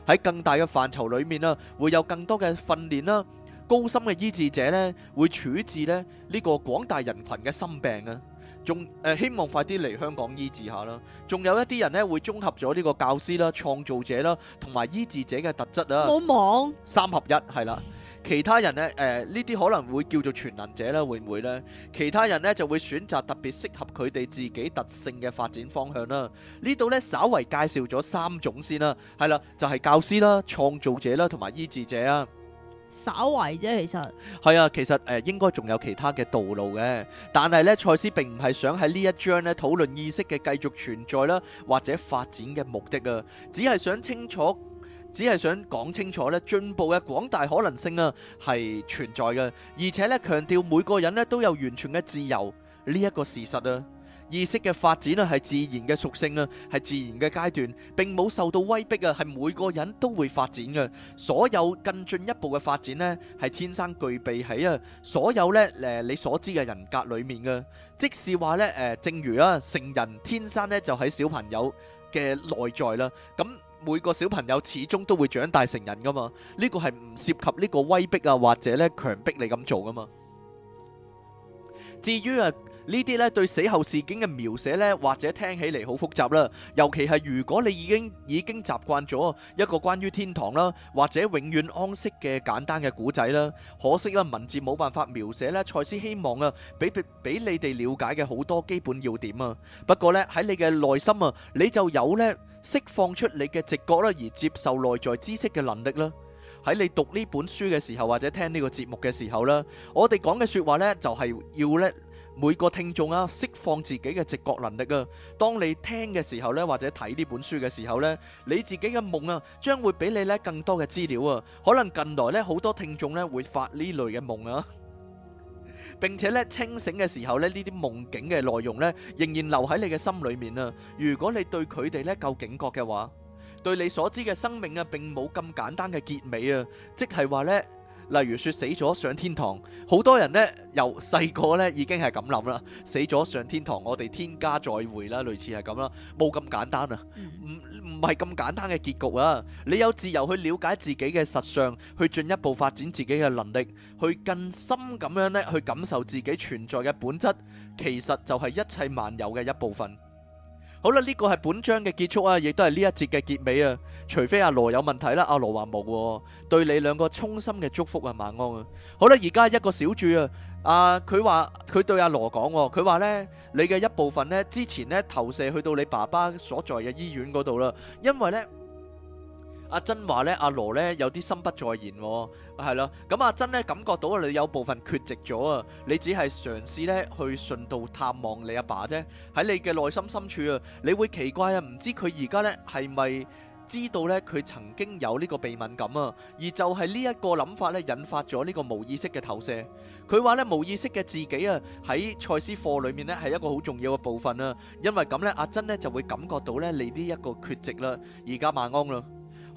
Speaker 2: 喺更大嘅範疇裏面啊，會有更多嘅訓練啦，高深嘅醫治者呢會處置呢呢個廣大人群嘅心病啊。仲誒希望快啲嚟香港醫治下啦。仲有一啲人咧會綜合咗呢個教師啦、創造者啦同埋醫治者嘅特質啊，我忙三合一係啦。其他人咧誒呢啲可能會叫做全能者啦，會唔會咧？其他人咧就會選擇特別適合佢哋自己特性嘅發展方向啦。呢度咧稍微介紹咗三種先啦，係啦，就係教師啦、創造者啦同埋醫治者啊。
Speaker 1: 稍微啫，其實
Speaker 2: 係啊，其實誒應該仲有其他嘅道路嘅，但係呢，賽斯並唔係想喺呢一章呢討論意識嘅繼續存在啦，或者發展嘅目的啊，只係想清楚，只係想講清楚呢進步嘅廣大可能性啊係存在嘅，而且呢，強調每個人呢都有完全嘅自由呢一個事實啊。意識嘅發展啊，係自然嘅屬性啊，係自然嘅階段，並冇受到威逼啊，係每個人都會發展嘅。所有更進一步嘅發展咧，係天生具備喺啊，所有咧誒你所知嘅人格裡面嘅。即是話咧誒，正如啊成人天生咧就喺小朋友嘅內在啦，咁每個小朋友始終都會長大成人噶嘛。呢個係唔涉及呢個威逼啊，或者咧強迫你咁做噶嘛。至於啊～呢啲咧對死後事件嘅描寫咧，或者聽起嚟好複雜啦。尤其係如果你已經已經習慣咗一個關於天堂啦，或者永遠安息嘅簡單嘅古仔啦。可惜啦，文字冇辦法描寫啦。賽斯希望啊，俾俾俾你哋了解嘅好多基本要點啊。不過咧喺你嘅內心啊，你就有咧釋放出你嘅直覺啦，而接受內在知識嘅能力啦。喺你讀呢本書嘅時候，或者聽呢個節目嘅時候啦，我哋講嘅說話咧就係要咧。每個聽眾啊，釋放自己嘅直覺能力啊。當你聽嘅時候咧，或者睇呢本書嘅時候咧，你自己嘅夢啊，將會俾你咧更多嘅資料啊。可能近來咧，好多聽眾咧會發呢類嘅夢啊，並且咧清醒嘅時候咧，呢啲夢境嘅內容咧仍然留喺你嘅心裏面啊。如果你對佢哋咧夠警覺嘅話，對你所知嘅生命啊，並冇咁簡單嘅結尾啊，即係話咧。例如說死咗上天堂，好多人呢由細個呢已經係咁諗啦，死咗上天堂，我哋天家再會啦，類似係咁啦，冇咁簡單啊，唔唔係咁簡單嘅結局啊，你有自由去了解自己嘅實相，去進一步發展自己嘅能力，去更深咁樣呢去感受自己存在嘅本質，其實就係一切萬有嘅一部分。好啦，呢個係本章嘅結束啊，亦都係呢一節嘅結尾啊。除非阿羅有問題啦，阿羅話冇。對你兩個衷心嘅祝福啊，晚安啊。好啦，而家一個小注啊，啊，佢話佢對阿羅講，佢話呢，你嘅一部分呢之前呢投射去到你爸爸所在嘅醫院嗰度啦，因為呢。阿珍話咧，阿羅咧有啲心不在焉係咯。咁、啊、阿、啊、珍咧感覺到你有部分缺席咗啊。你只係嘗試咧去順道探望你阿爸啫。喺你嘅內心深處啊，你會奇怪啊，唔知佢而家咧係咪知道咧佢曾經有呢個鼻敏感啊？而就係呢一個諗法咧，引發咗呢個無意識嘅投射。佢話咧無意識嘅自己啊，喺賽斯課裏面咧係一個好重要嘅部分啊。因為咁咧，阿、啊、珍咧就會感覺到咧你呢一個缺席啦。而家晚安啦。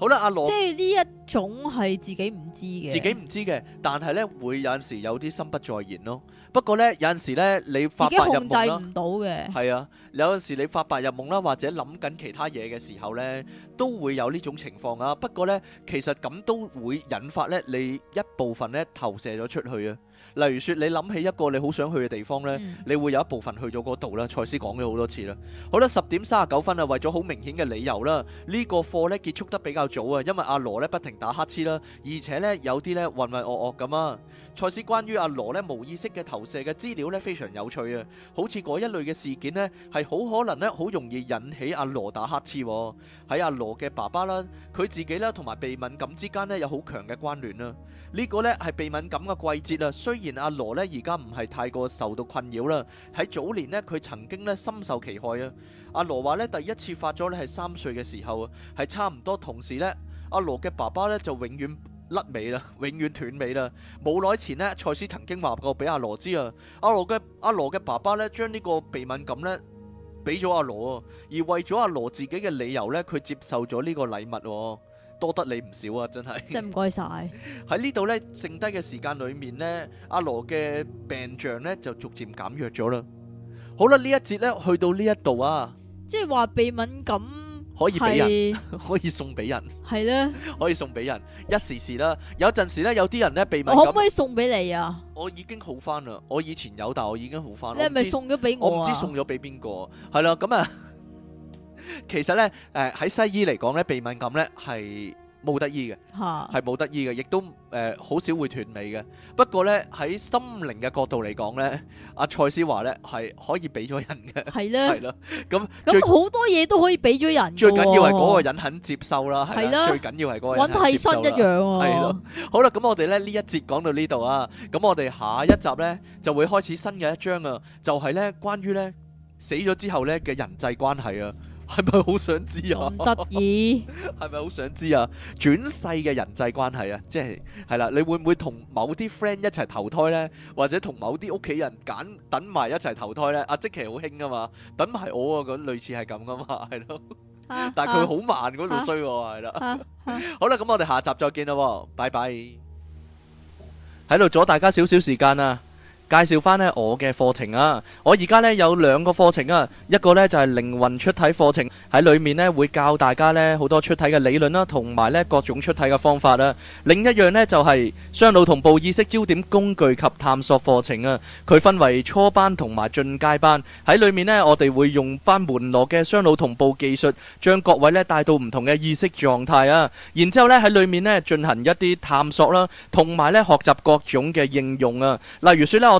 Speaker 2: 好啦，阿、啊、羅，即係
Speaker 1: 呢一種係自己唔知嘅，自己唔
Speaker 2: 知嘅，但係咧會有陣時有啲心不在焉咯。不過咧有陣時咧你發白日夢啦，自己控制唔
Speaker 1: 到嘅，係
Speaker 2: 啊，有陣時你發白日夢啦，或者諗緊其他嘢嘅時候咧，都會有呢種情況啊。不過咧其實咁都會引發咧你一部分咧投射咗出去啊。例如說你諗起一個你好想去嘅地方呢，你會有一部分去咗嗰度啦。賽斯講咗好多次啦。好啦，十點三十九分啊，為咗好明顯嘅理由啦，呢個課呢結束得比較早啊，因為阿羅呢不停打乞嗤啦，而且呢，有啲呢渾渾噩噩咁啊。賽斯關於阿羅呢無意識嘅投射嘅資料呢，非常有趣啊，好似嗰一類嘅事件呢，係好可能呢，好容易引起阿羅打乞嗤喎。喺阿羅嘅爸爸啦，佢自己呢，同埋鼻敏感之間呢，有好強嘅關聯啦。呢個呢，係鼻敏感嘅季節啊，雖然。阿羅呢而家唔係太過受到困擾啦，喺早年呢，佢曾經呢深受其害啊！阿羅話呢第一次發咗呢係三歲嘅時候啊，係差唔多同時呢，阿羅嘅爸爸呢就永遠甩尾啦，永遠斷尾啦。冇耐前呢，賽斯曾經話過俾阿羅知啊，阿羅嘅阿羅嘅爸爸呢將呢個鼻敏感呢俾咗阿羅，而為咗阿羅自己嘅理由呢，佢接受咗呢個禮物。多得你唔少啊，真係！真係唔該晒。喺呢度咧，剩低嘅時間裏面咧，阿羅嘅病象，咧就逐漸減弱咗啦。好啦，呢一節咧去到呢一度啊，
Speaker 1: 即係話鼻敏感
Speaker 2: 可以俾人，可以送俾人，係咧，可以送俾人一時時啦。有陣時咧，有啲人咧鼻敏感，我可唔可以
Speaker 1: 送俾你啊？
Speaker 2: 我已經好翻啦，我以前有，但係我已經好翻啦。你係咪送咗俾我啊？我唔知送咗俾邊個，係咯咁啊。其實咧，誒、呃、喺西醫嚟講咧，鼻敏感咧係冇得醫嘅，係冇哈 得醫嘅，亦都誒好、呃、少會斷尾嘅。不過咧喺心靈嘅角度嚟講咧，阿、啊、賽斯話咧係可以俾咗人嘅，係咧呢，係咯。咁咁好
Speaker 1: 多嘢都可以俾咗人，哦，最緊要係嗰個
Speaker 2: 人肯接受啦，係的啦，最緊要係嗰個人。揾替身一樣，啊，係咯。好啦，咁我哋咧呢一節講到呢度啊，咁我哋下一集咧就會開始新嘅一章啊，就係、是、咧關於咧死咗之後咧嘅人際關係啊。係咪好想知啊？唔得意。係咪好想知啊？轉世嘅人際關係啊，即係係啦，你會唔會同某啲 friend 一齊投胎咧，或者同某啲屋企人揀等埋一齊投胎咧？阿即奇好興噶嘛，等埋我啊，咁類似係咁噶嘛，係咯。但係佢好慢嗰度衰，係啦。好啦，咁我哋下集再見啦，拜拜。喺度阻大家少少時間啊。介紹翻咧我嘅課程啊！我而家咧有兩個課程啊，一個咧就係靈魂出體課程，喺裏面咧會教大家咧好多出體嘅理論啦，同埋咧各種出體嘅方法啊。另一樣咧就係雙腦同步意識焦點工具及探索課程啊。佢分為初班同埋進階班，喺裏面咧我哋會用翻門羅嘅雙腦同步技術，將各位咧帶到唔同嘅意識狀態啊。然之後咧喺裏面咧進行一啲探索啦，同埋咧學習各種嘅應用啊。例如説咧我。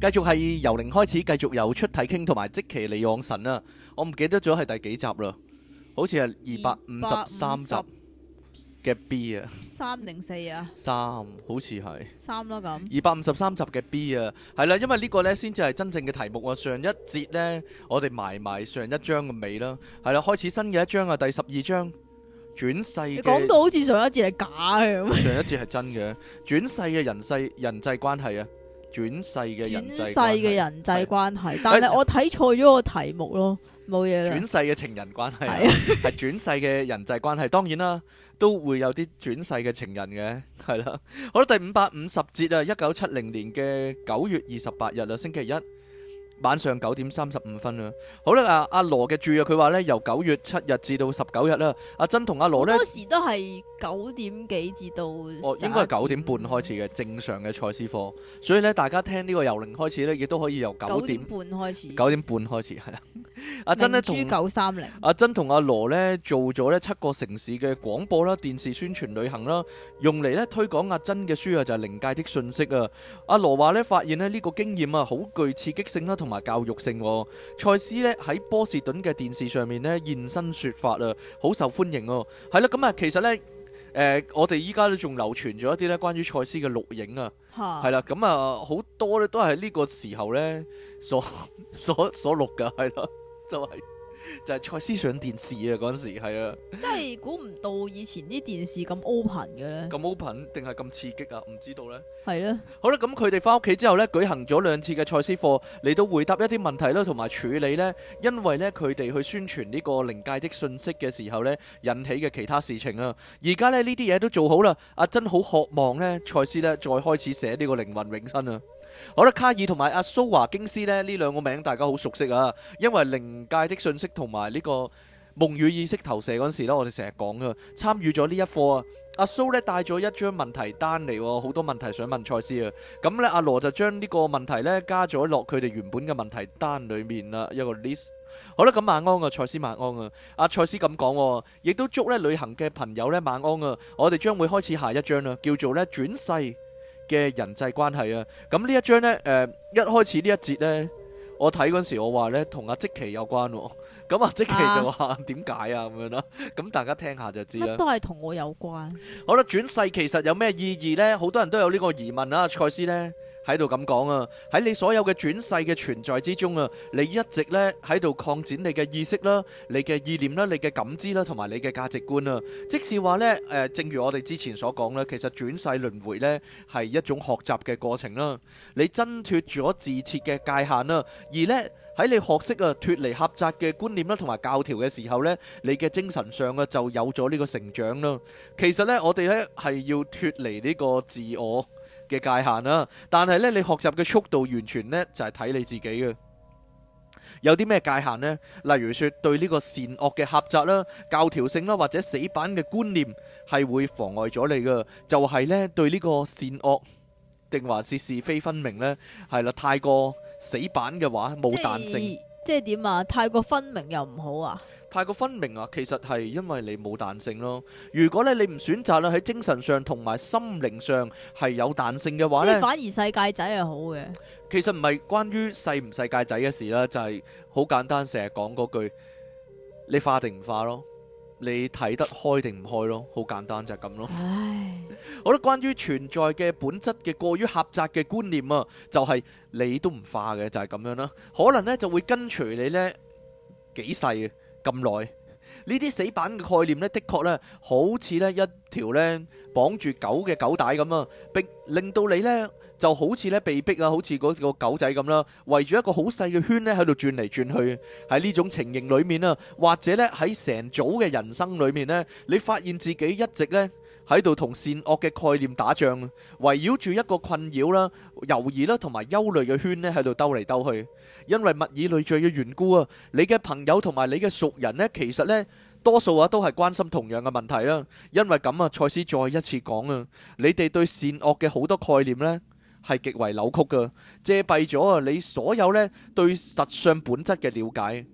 Speaker 2: 繼續係由零開始，繼續由出體傾同埋即其嚟往神啊。我唔記得咗係第幾集啦，好似係二百五十三集嘅 B 啊，三零四啊，三好似係
Speaker 1: 三咯咁。二
Speaker 2: 百五十三集嘅 B 啊，係啦，因為呢個呢，先至係真正嘅題目啊。上一節呢，我哋埋埋上一章嘅尾啦，係啦，開始新嘅一章啊，第十二章轉世。你講到好似上一節係假嘅，上一節係真嘅，轉世嘅人世人際關係啊。轉世嘅人際世
Speaker 1: 嘅人際關係，的但係我睇錯咗個題目咯，冇嘢啦。轉
Speaker 2: 世嘅情人關係係啊，係轉是的 世嘅人際關係，當然啦，都會有啲轉世嘅情人嘅，係啦。好啦，第五百五十節啊，一九七零年嘅九月二十八日啊，星期一。晚上九點三十五分啊。好啦，阿阿羅嘅注啊，佢話咧由九月七日至到十九日啦，阿、啊、珍同阿羅呢，好多時
Speaker 1: 都係九點幾至到哦，應該係
Speaker 2: 九點半開始嘅正常嘅賽斯課，所以咧大家聽呢個由零開始咧，亦都可以由九點，點半開始，九點半開始係啦。
Speaker 1: 阿、 啊、珍呢，同九三零，
Speaker 2: 阿、啊、珍同阿羅呢，做咗呢七個城市嘅廣播啦、電視宣傳旅行啦，用嚟呢推廣阿珍嘅書啊，就係《靈界的信息》啊。阿羅話呢，發現咧呢個經驗啊，好具刺激性啦，同同埋教育性、哦，賽斯咧喺波士頓嘅電視上面咧現身說法啊，好受歡迎、哦。係啦，咁啊，其實咧，誒、呃，我哋依家都仲流傳咗一啲咧關於賽斯嘅錄影啊，係啦哈，咁啊，好多咧都係呢個時候咧所所所錄噶，係咯，就係、是。就係賽斯上電視啊！嗰陣時係啊，
Speaker 1: 真係估唔到以前啲電視咁 open
Speaker 2: 嘅咧，咁 open 定係咁刺激啊？唔知道咧，係啦了。好啦，咁佢哋返屋企之後咧，舉行咗兩次嘅賽斯課，你都回答一啲問題啦，同埋處理咧，因為咧佢哋去宣傳呢個靈界的信息嘅時候咧，引起嘅其他事情啊。而家咧呢啲嘢都做好啦，阿珍好渴望咧賽斯咧再開始寫呢個靈魂永生啊。好啦，卡爾同埋阿蘇華京斯咧呢兩個名，大家好熟悉啊！因為靈界的信息同埋呢個夢與意識投射嗰時咧，我哋成日講噶，參與咗呢一課啊。阿蘇呢帶咗一張問題單嚟，哦，好多問題想問賽斯啊。咁呢，阿羅就將呢個問題呢加咗落佢哋原本嘅問題單裏面啦，一個 list。好啦，咁晚安啊，賽斯晚安啊。阿、啊、賽斯咁講，哦，亦都祝呢旅行嘅朋友呢晚安啊。我哋將會開始下一章啊，叫做呢轉世。嘅人際關係啊，咁呢一章呢，誒、呃、一開始呢一節呢，我睇嗰時我話呢，同阿積奇有關喎、啊，咁、嗯、阿積奇就話點解啊咁樣啦，咁大家聽下就知啦，都係
Speaker 1: 同我有關。
Speaker 2: 好啦，轉世其實有咩意義呢？好多人都有呢個疑問啊，賽斯呢。喺度咁講啊，喺你所有嘅轉世嘅存在之中啊，你一直咧喺度擴展你嘅意識啦、你嘅意念啦、你嘅感知啦，同埋你嘅價值觀啊。即是話咧，誒，正如我哋之前所講啦，其實轉世輪迴咧係一種學習嘅過程啦。你掙脫咗自設嘅界限啦，而呢喺你學識啊脫離狹窄嘅觀念啦、同埋教條嘅時候呢，你嘅精神上啊就有咗呢個成長啦。其實呢，我哋呢係要脫離呢個自我嘅界限啦、啊，但係咧，你學習嘅速度完全呢，就係、是、睇你自己嘅，有啲咩界限呢？例如說對呢個善惡嘅狹窄啦、啊、教條性啦、啊、或者死板嘅觀念係會妨礙咗你嘅，就係、是、呢，對呢個善惡定還是，是是非分明呢？係啦，太過死板嘅話冇彈性，
Speaker 1: 即係點啊？太過分明又唔好啊？
Speaker 2: 太過分明啊，其實係因為你冇彈性咯。如果咧你唔選擇啦，喺精神上同埋心靈上係有彈性嘅話咧，
Speaker 1: 反而世界仔係好嘅。
Speaker 2: 其實唔係關於世唔世界仔嘅事啦，就係、是、好簡單，成日講嗰句，你化定唔化咯？你睇得開定唔開咯？好簡單就係咁咯。唉，我覺得關於存在嘅本質嘅過於狹窄嘅觀念啊，就係、是、你都唔化嘅，就係、是、咁樣啦。可能呢，就會跟隨你呢幾世嘅。咁耐呢啲死板嘅概念呢，的確呢好似咧，一條呢綁住狗嘅狗帶咁啊，逼令到你呢就好似呢被逼啊，好似嗰個狗仔咁啦，圍住一個好細嘅圈呢喺度轉嚟轉去。喺呢種情形裏面啊，或者呢喺成組嘅人生裏面呢，你發現自己一直呢。喺度同善惡嘅概念打仗，圍繞住一個困擾啦、猶豫啦同埋憂慮嘅圈呢喺度兜嚟兜去。因為物以類聚嘅緣故啊，你嘅朋友同埋你嘅熟人呢，其實呢，多數啊都係關心同樣嘅問題啦。因為咁啊，賽斯再一次講啊，你哋對善惡嘅好多概念呢，係極為扭曲嘅，遮蔽咗啊你所有呢對實相本質嘅了解。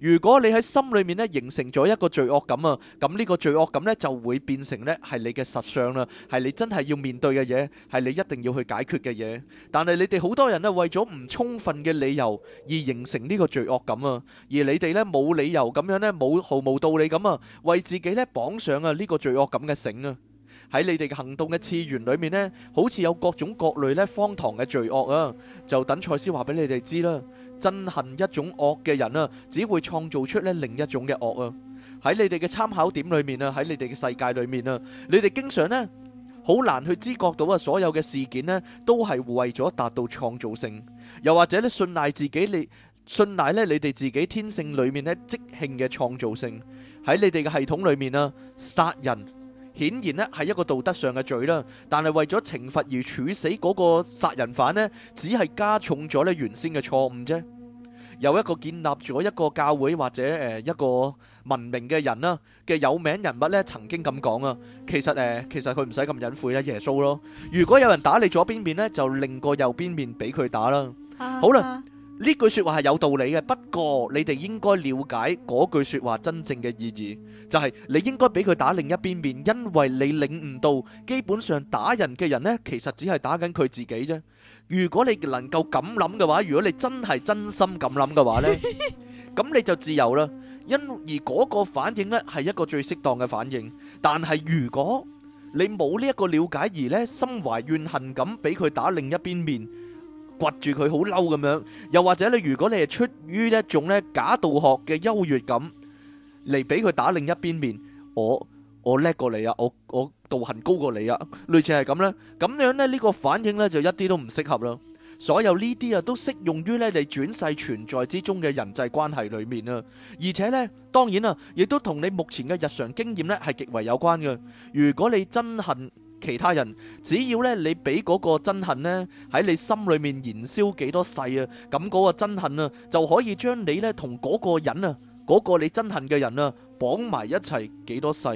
Speaker 2: 如果你喺心裏面咧形成咗一個罪惡感啊，咁呢個罪惡感咧就會變成咧係你嘅實相啦，係你真係要面對嘅嘢，係你一定要去解決嘅嘢。但係你哋好多人呢，為咗唔充分嘅理由而形成呢個罪惡感啊，而你哋咧冇理由咁樣咧冇毫無道理咁啊，為自己咧綁上啊呢個罪惡感嘅繩啊。喺你哋嘅行動嘅次元裏面呢，好似有各種各類呢荒唐嘅罪惡啊！就等賽斯話俾你哋知啦。憎恨一種惡嘅人啊，只會創造出呢另一種嘅惡啊！喺你哋嘅參考點裏面啊，喺你哋嘅世界裏面啊，你哋經常呢，好難去知覺到啊，所有嘅事件呢，都係為咗達到創造性，又或者呢，信賴自己你信賴呢，你哋自己天性裏面呢，即興嘅創造性喺你哋嘅系統裏面啊，殺人。顯然咧係一個道德上嘅罪啦，但係為咗懲罰而處死嗰個殺人犯咧，只係加重咗咧原先嘅錯誤啫。有一個建立咗一個教會或者誒一個文明嘅人啦、嘅有名人物咧，曾經咁講啊，其實誒其實佢唔使咁隱晦啦，耶穌咯。如果有人打你左邊面咧，就另個右邊面俾佢打啦。
Speaker 1: 好啦。
Speaker 2: 呢句說話係有道理嘅，不過你哋應該了解嗰句說話真正嘅意義，就係你應該俾佢打另一邊面，因為你領悟到，基本上打人嘅人呢，其實只係打緊佢自己啫。如果你能夠咁諗嘅話，如果你真係真心咁諗嘅話呢，咁你就自由啦。因而嗰個反應呢，係一個最適當嘅反應。但係如果你冇呢一個了解而呢，心懷怨恨咁俾佢打另一邊面。掘住佢好嬲咁樣，又或者你如果你係出於一種咧假道學嘅優越感嚟俾佢打另一邊面，我我叻過你啊，我我道行高過你啊，類似係咁咧，咁樣咧呢個反應咧就一啲都唔適合啦。所有呢啲啊都適用於咧你轉世存在之中嘅人際關係裏面啊，而且咧當然啊亦都同你目前嘅日常經驗咧係極為有關嘅。如果你真恨。其他人只要咧，你俾嗰個憎恨呢，喺你心裏面燃燒幾多世啊，咁嗰個憎恨啊就可以將你呢同嗰個人啊，嗰個你憎恨嘅人啊綁埋一齊幾多世？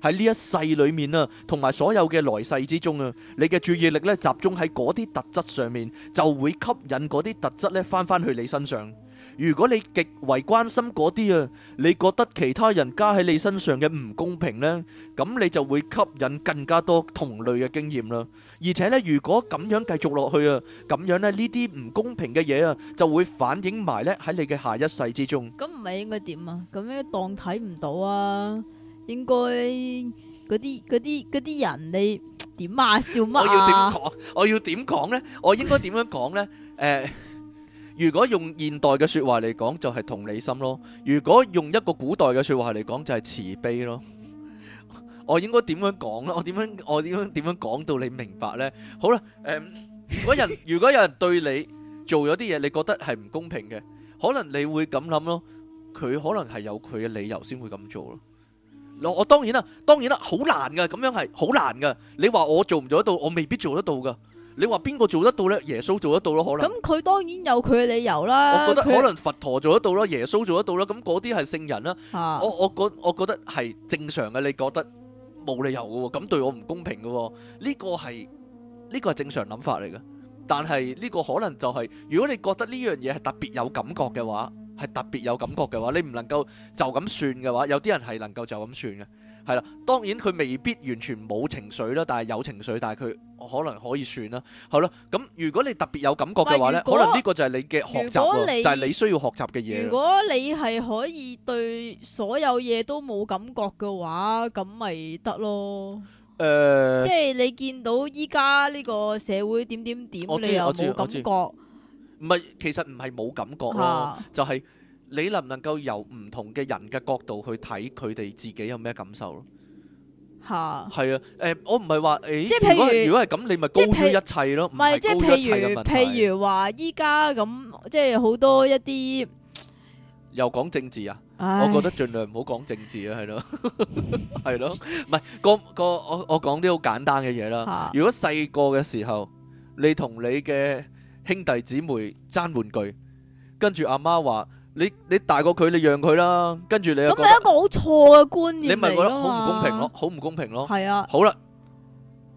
Speaker 2: 喺呢一世裏面啊，同埋所有嘅來世之中啊，你嘅注意力呢，集中喺嗰啲特質上面，就會吸引嗰啲特質呢翻翻去你身上。如果你極為關心嗰啲啊，你覺得其他人加喺你身上嘅唔公平呢，咁你就會吸引更加多同類嘅經驗啦。而且呢，如果咁樣繼續落去啊，咁樣呢呢啲唔公平嘅嘢啊，就會反映埋呢喺你嘅下一世之中。
Speaker 1: 咁唔係應該點啊？咁樣當睇唔到啊？應該嗰啲嗰啲嗰啲人你點啊？笑乜啊？我要點
Speaker 2: 講？我要點講呢？我應該點樣講呢？誒？如果用現代嘅說話嚟講，就係同理心咯；如果用一個古代嘅說話嚟講，就係慈悲咯。我應該點樣講咯？我點樣？我點樣點樣講到你明白咧？好啦，誒，如果人如果有人對你做咗啲嘢，你覺得係唔公平嘅，可能你會咁諗咯。佢可能係有佢嘅理由先會咁做咯。嗱，我當然啦，當然啦，好難噶，咁樣係好難噶。你話我做唔做得到？我未必做得到噶。你話邊個做得到呢？耶穌做得到咯，可能。
Speaker 1: 咁佢當然有佢嘅理由啦。我覺得可
Speaker 2: 能佛陀做得到咯，耶穌做得到咯。咁嗰啲係聖人啦。我我我覺得係正常嘅，你覺得冇理由嘅喎，咁對我唔公平嘅喎。呢個係呢個係正常諗法嚟嘅。但係呢個可能就係，如果你覺得呢樣嘢係特別有感覺嘅話，係特別有感覺嘅話，你唔能夠就咁算嘅話，有啲人係能夠就咁算嘅。係啦，當然佢未必完全冇情緒啦，但係有情緒，但係佢可能可以算啦，好啦，咁如果你特別有感覺嘅話咧，果可能呢個就係你嘅學習，就係你需要學習嘅嘢。如果
Speaker 1: 你係可以對所有嘢都冇感覺嘅話，咁咪得咯。
Speaker 2: 誒、呃，即係
Speaker 1: 你見到依家呢個社會點點點，我你又冇感覺。
Speaker 2: 唔係，其實唔係冇感覺咯，啊、就係、是。你能唔能夠由唔同嘅人嘅角度去睇佢哋自己有咩感受
Speaker 1: 咯？
Speaker 2: 嚇，係啊，誒，我唔係話誒，即係譬如如果係咁，你咪高於一切咯，唔係即係譬如譬
Speaker 1: 如話依家咁，即係好多一啲
Speaker 2: 又講政治啊。我覺得儘量唔好講政治啊，係咯，係咯，唔係個個我我講啲好簡單嘅嘢啦。如果細個嘅時候，你同你嘅兄弟姊妹爭玩具，跟住阿媽話。你你大過佢，你讓佢啦，跟住你又咁係一個
Speaker 1: 好錯嘅觀念嚟咯。你咪覺得好唔公平咯？
Speaker 2: 好唔公平咯？係啊。好啦，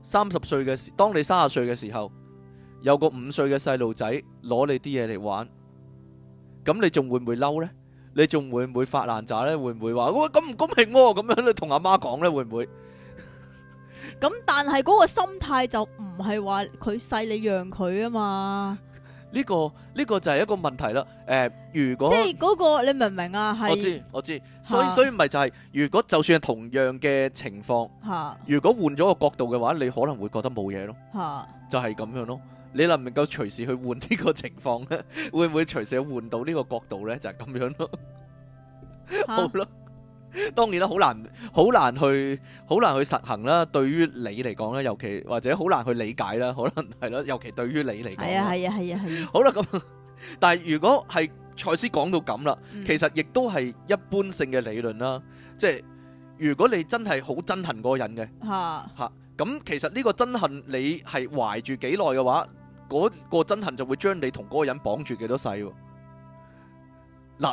Speaker 2: 三十歲嘅時，當你三十歲嘅時候，有個五歲嘅細路仔攞你啲嘢嚟玩，咁你仲會唔會嬲咧？你仲會唔會發爛渣咧？會唔會話喂，咁唔公平？咁樣你同阿媽講咧，會唔會？
Speaker 1: 咁但係嗰個心態就唔係話佢細你讓佢啊嘛。
Speaker 2: 呢、這個呢、這個就係一個問題啦。誒、呃，如果即係
Speaker 1: 嗰、那個，你明唔明啊？我知我
Speaker 2: 知哈 所，所以所以咪就係、是，如果就算係同樣嘅情況，嚇，哈 如果換咗個角度嘅話，你可能會覺得冇嘢咯，嚇，哈 就係咁樣咯。你能唔能夠隨時去換呢個情況咧？ 會唔會隨時去換到呢個角度咧？就係、是、咁樣咯 好啦。好咯。當然啦，好難，好難去，好難去實行啦。對於你嚟講啦，尤其或者好難去理解啦。可能係咯，尤其對於你嚟講，係啊，係
Speaker 1: 啊，係啊，係啊。
Speaker 2: 好啦，咁但係如果係賽斯講到咁啦，其實亦都係一般性嘅理論啦。即係如果你真係好憎恨嗰個人嘅，吓吓，咁其實呢個憎恨你係懷住幾耐嘅話，嗰個憎恨就會將你同嗰個人綁住幾多世。嗱，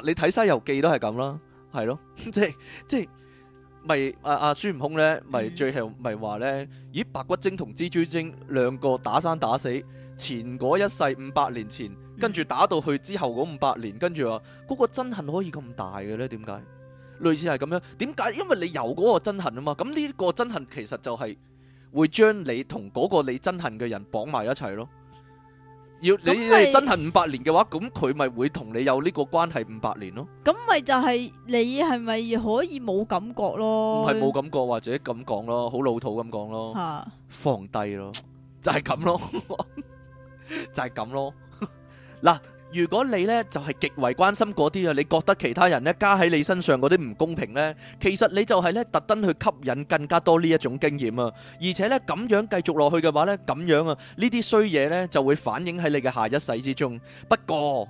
Speaker 2: 你睇《西遊記》都係咁啦。係咯、 就是，即係即係，咪阿阿孫悟空咧，咪最後咪話咧，咦白骨精同蜘蛛精兩個打生打死，前嗰一世五百年前，跟住打到去之後嗰五百年，跟住話嗰個憎恨可以咁大嘅咧？點解類似係咁樣？點解？因為你有嗰個憎恨啊嘛，咁呢個憎恨其實就係會將你同嗰個你憎恨嘅人綁埋一齊咯。要你真係五百年嘅話，咁佢咪會同你有呢個關係五百年咯？
Speaker 1: 咁咪就係、係、你係咪可以冇感覺咯？唔係冇
Speaker 2: 感覺或者咁講咯，好老土咁講咯，放低、啊、咯，就係、係、咁咯， 就係咁咯，嗱。 如果你呢就係極為關心嗰啲啊，你覺得其他人呢加喺你身上嗰啲唔公平呢，其實你就係呢特登去吸引更加多呢一種經驗啊！而且呢咁樣繼續落去嘅話呢，咁樣啊呢啲衰嘢，呢就會反映喺你嘅下一世之中。不過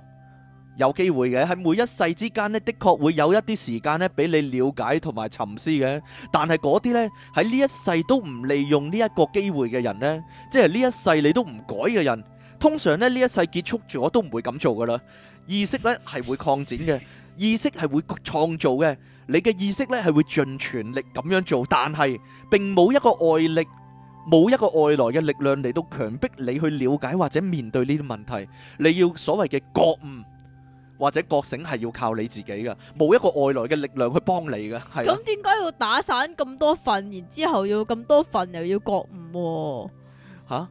Speaker 2: 有機會嘅喺每一世之間呢，的確會有一啲時間呢俾你了解同埋沉思嘅。但係嗰啲呢喺呢一世都唔利用呢一個機會嘅人呢，即係呢一世你都唔改嘅人。通常咧呢一世結束咗都唔會咁做噶啦，意識咧係會擴展嘅，意識係會創造嘅，你嘅意識咧係會盡全力咁樣做，但係並冇一個外力，冇一個外來嘅力量嚟到強迫你去了解或者面對呢啲問題，你要所謂嘅覺悟或者覺醒係要靠你自己噶，冇一個外來嘅力量去幫你噶，係啦。咁
Speaker 1: 點解要打散咁多份，然之後要咁多份又要覺悟？吓？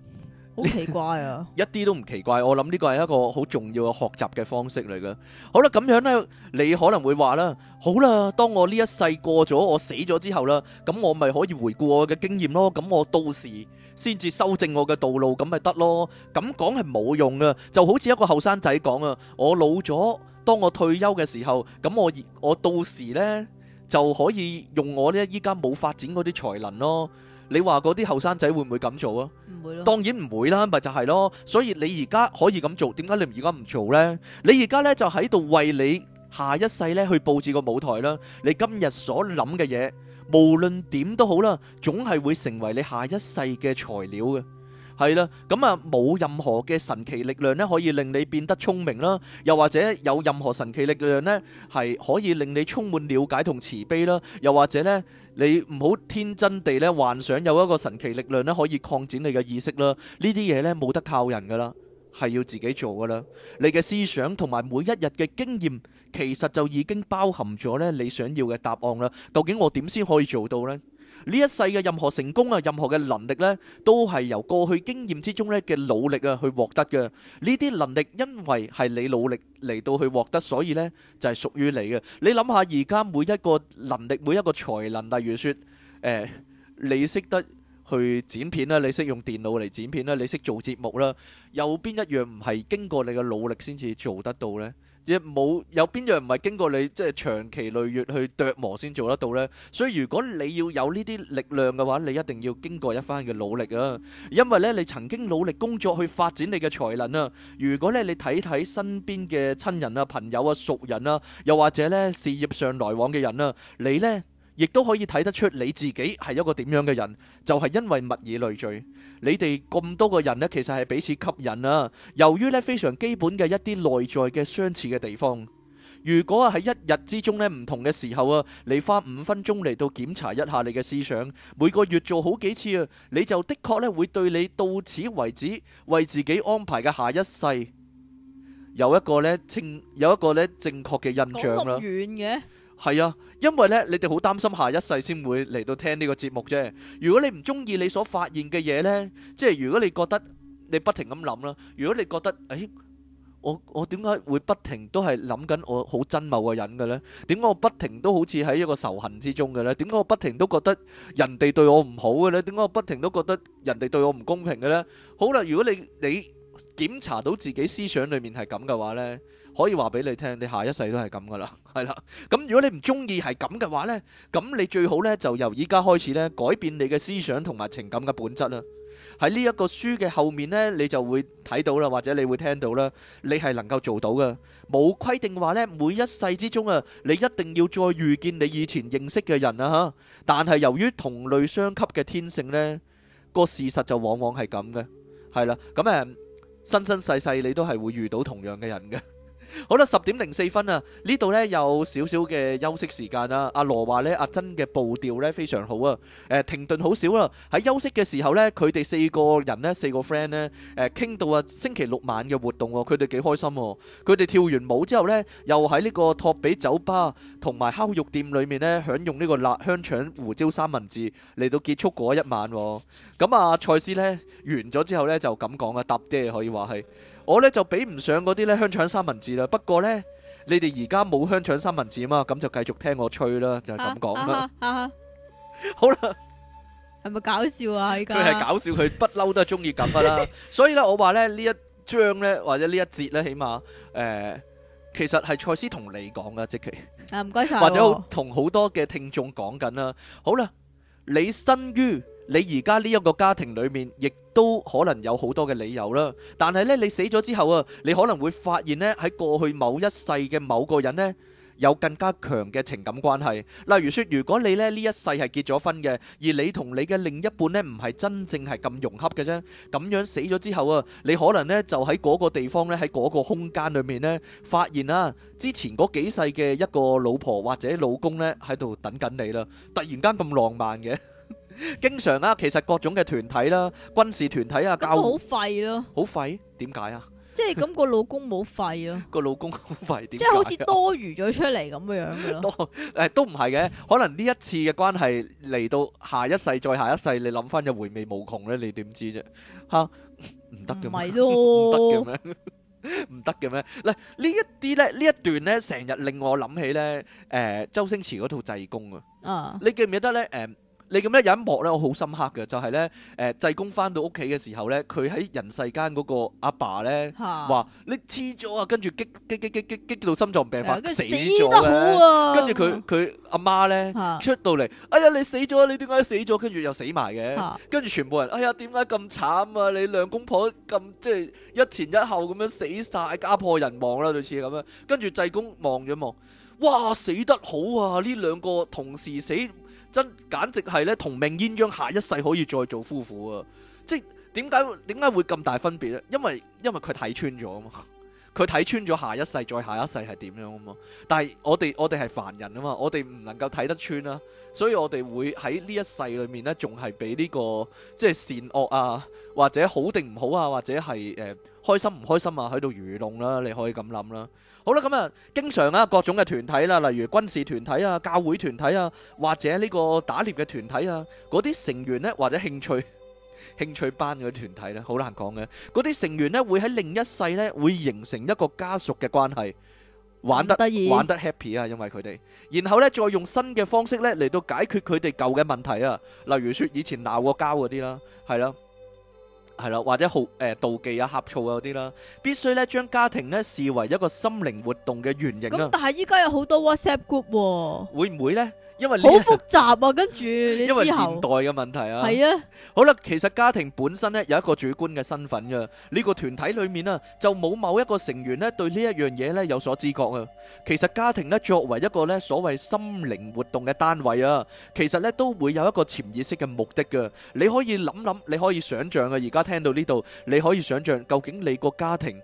Speaker 1: 好奇
Speaker 2: 怪啊！一啲都唔奇怪，我諗呢個係一個好重要嘅學習嘅方式嚟嘅。好啦，咁樣呢，你可能會話啦，好啦，當我呢一世過咗，我死咗之後啦，咁我咪可以回顧我嘅經驗咯。咁我到時先至修正我嘅道路，咁咪得咯。咁講係冇用嘅，就好似一個後生仔講啊，我老咗，當我退休嘅時候，咁我我到時呢，就可以用我呢依家冇發展嗰啲才能咯。你話嗰啲後生仔會唔會咁做啊？唔會咯，當然唔會啦，咪就係咯。所以你而家可以咁做，點解你唔而家唔做呢？你而家呢，就喺度為你下一世呢去佈置個舞台啦。你今日所諗嘅嘢，無論點都好啦，總係會成為你下一世嘅材料嘅。係啦，咁啊冇任何嘅神奇力量咧，可以令你變得聰明啦；又或者有任何神奇力量咧，係可以令你充滿了解同慈悲啦；又或者咧，你唔好天真地咧幻想有一個神奇力量咧可以擴展你嘅意識啦。呢啲嘢咧冇得靠人噶啦，係要自己做噶啦。你嘅思想同埋每一日嘅經驗，其實就已經包含咗咧你想要嘅答案啦。究竟我點先可以做到呢？呢一世嘅任何成功啊，任何嘅能力呢，都係由過去經驗之中呢嘅努力啊去獲得嘅。呢啲能力因為係你努力嚟到去獲得，所以呢就係屬於你嘅。你諗下而家每一個能力，每一個才能，例如說，誒、哎，你識得去剪片啦，你識用電腦嚟剪片啦，你識做節目啦，有邊一樣唔係經過你嘅努力先至做得到呢？亦冇有邊樣唔係經過你即係長期累月去琢磨先做得到呢？所以如果你要有呢啲力量嘅話，你一定要經過一番嘅努力啊，因為呢，你曾經努力工作去發展你嘅才能啊。如果呢，你睇睇身邊嘅親人啊、朋友啊、熟人啊，又或者呢，事業上來往嘅人啊，你呢，亦都可以睇得出你自己係一個點樣嘅人，就係因為物以類聚，你哋咁多個人呢，其實係彼此吸引啊。由於呢非常基本嘅一啲內在嘅相似嘅地方，如果啊喺一日之中呢唔同嘅時候啊，你花五分鐘嚟到檢查一下你嘅思想，每個月做好幾次啊，你就的確咧會對你到此為止為自己安排嘅下一世有一個呢正有一個咧正確嘅印象啦。係啊，因為咧，你哋好擔心下一世先會嚟到聽呢個節目啫。如果你唔中意你所發現嘅嘢呢，即係如果你覺得你不停咁諗啦，如果你覺得，誒、哎，我我點解會不停都係諗緊我好憎某個人嘅呢？點解我不停都好似喺一個仇恨之中嘅呢？點解我不停都覺得人哋對我唔好嘅呢？點解我不停都覺得人哋對我唔公平嘅呢？好啦，如果你你檢查到自己思想裏面係咁嘅話呢。可以話俾你聽，你下一世都係咁噶啦，係啦。咁如果你唔中意係咁嘅話咧，咁你最好咧就由依家開始咧改變你嘅思想同埋情感嘅本質啦。喺呢一個書嘅後面咧，你就會睇到啦，或者你會聽到啦，你係能夠做到噶。冇規定話咧，每一世之中啊，你一定要再遇見你以前認識嘅人啊。吓，但係由於同類相吸嘅天性咧，個事實就往往係咁嘅，係啦。咁誒，生生世世你都係會遇到同樣嘅人嘅。好啦，十點零四分啊，呢度呢，有少少嘅休息時間啦、啊。阿羅話呢，阿珍嘅步調呢，非常好啊，誒、呃、停頓好少啦、啊。喺休息嘅時候呢，佢哋四個人呢，四個 friend 呢，誒、呃、傾到啊星期六晚嘅活動、啊，佢哋幾開心、啊。佢哋跳完舞之後呢，又喺呢個托比酒吧同埋烤肉店裏面呢，享用呢個辣香腸胡椒三文治嚟到結束嗰一晚。咁啊，賽、嗯、斯、啊、呢，完咗之後呢，就咁講啊，搭啲可以話係。我咧就比唔上嗰啲咧香腸三文治啦，不過咧你哋而家冇香腸三文治啊嘛，咁就繼續聽我吹啦，就係咁講啦。好啦，
Speaker 1: 係咪搞笑啊？依家佢係搞
Speaker 2: 笑，佢不嬲都係中意咁啦。所以咧，我話咧呢一張咧或者呢一節咧，起碼誒，其實係蔡司同你講噶，即係，
Speaker 1: 啊唔該晒，或者
Speaker 2: 同好多嘅聽眾講緊啦。好啦，你身於。你而家呢一個家庭裏面，亦都可能有好多嘅理由啦。但係呢，你死咗之後啊，你可能會發現呢，喺過去某一世嘅某個人呢，有更加強嘅情感關係。例如説，如果你呢呢一世係結咗婚嘅，而你同你嘅另一半呢唔係真正係咁融洽嘅啫，咁樣死咗之後啊，你可能呢就喺嗰個地方呢，喺嗰個空間裏面呢，發現啊，之前嗰幾世嘅一個老婆或者老公呢喺度等緊你啦，突然間咁浪漫嘅。經常啦，其實各種嘅團體啦，軍事團體啊，教好
Speaker 1: 廢咯，
Speaker 2: 好廢點解啊？
Speaker 1: 即係咁個老公冇廢啊，
Speaker 2: 個老公好廢點？即係好似多
Speaker 1: 餘咗出嚟咁嘅樣嘅咯。
Speaker 2: 多，誒，都唔係嘅，可能呢一次嘅關係嚟到下一世再下一世，你諗翻就回味無窮咧。你點知啫？吓唔得嘅
Speaker 1: 唔係咯？唔得嘅咩？
Speaker 2: 唔得嘅咩？嗱呢一啲咧，呢一段咧，成日令我諗起咧，誒，周星馳嗰套濟公啊。啊，你記唔記得咧？誒。你咁樣有一幕咧，我好深刻嘅，就係、是、咧，誒、呃，濟公翻到屋企嘅時候咧，佢喺人世間嗰個阿爸咧，話你黐咗啊，跟住激激激激激激，激到心臟病發、啊、死咗啦，跟住佢佢阿媽咧、啊、出到嚟，哎呀你死咗你點解死咗？跟住又死埋嘅，跟住、啊、全部人，哎呀點解咁慘啊？你兩公婆咁即係一前一後咁樣死晒，家破人亡啦，類似咁樣。跟住濟公望咗望，哇死得好啊！呢兩個同時死。真簡直係咧，同命鴛鴦，下一世可以再做夫婦啊！即係點解點解會咁大分別咧？因為因為佢睇穿咗啊嘛。佢睇穿咗下一世再下一世係點樣啊嘛，但係我哋我哋係凡人啊嘛，我哋唔能夠睇得穿啦，啊，所以我哋會喺呢一世裏面呢，仲係俾呢個即係善惡啊，或者好定唔好啊，或者係誒、呃、開心唔開心啊，喺度愚弄啦，你可以咁諗啦。好啦，咁啊，經常啊，各種嘅團體啦，啊，例如軍事團體啊，教會團體啊，或者呢個打獵嘅團體啊，嗰啲成員呢，或者興趣。興趣班嗰啲團體咧，好難講嘅。嗰啲成員咧，會喺另一世咧，會形成一個家屬嘅關係，玩得玩得 happy 啊，因為佢哋。然後咧，再用新嘅方式咧，嚟到解決佢哋舊嘅問題啊。例如說以前鬧過交嗰啲啦，係啦，係啦，或者好誒妒忌啊、呷醋啊嗰啲啦，必須咧將家庭咧視為一個心靈活動嘅原型啦。咁但
Speaker 1: 係依家有好多 WhatsApp group 喎，
Speaker 2: 會唔會咧？因為好複雜
Speaker 1: 啊，跟住因為年
Speaker 2: 代嘅問題啊，係啊，好啦，其實家庭本身咧有一個主觀嘅身份噶。呢個團體裏面啊，就冇某一個成員咧對呢一樣嘢咧有所知覺啊。其實家庭咧作為一個咧所謂心靈活動嘅單位啊，其實咧都會有一個潛意識嘅目的噶。你可以諗諗，你可以想象啊，而家聽到呢度，你可以想象究竟你個家庭。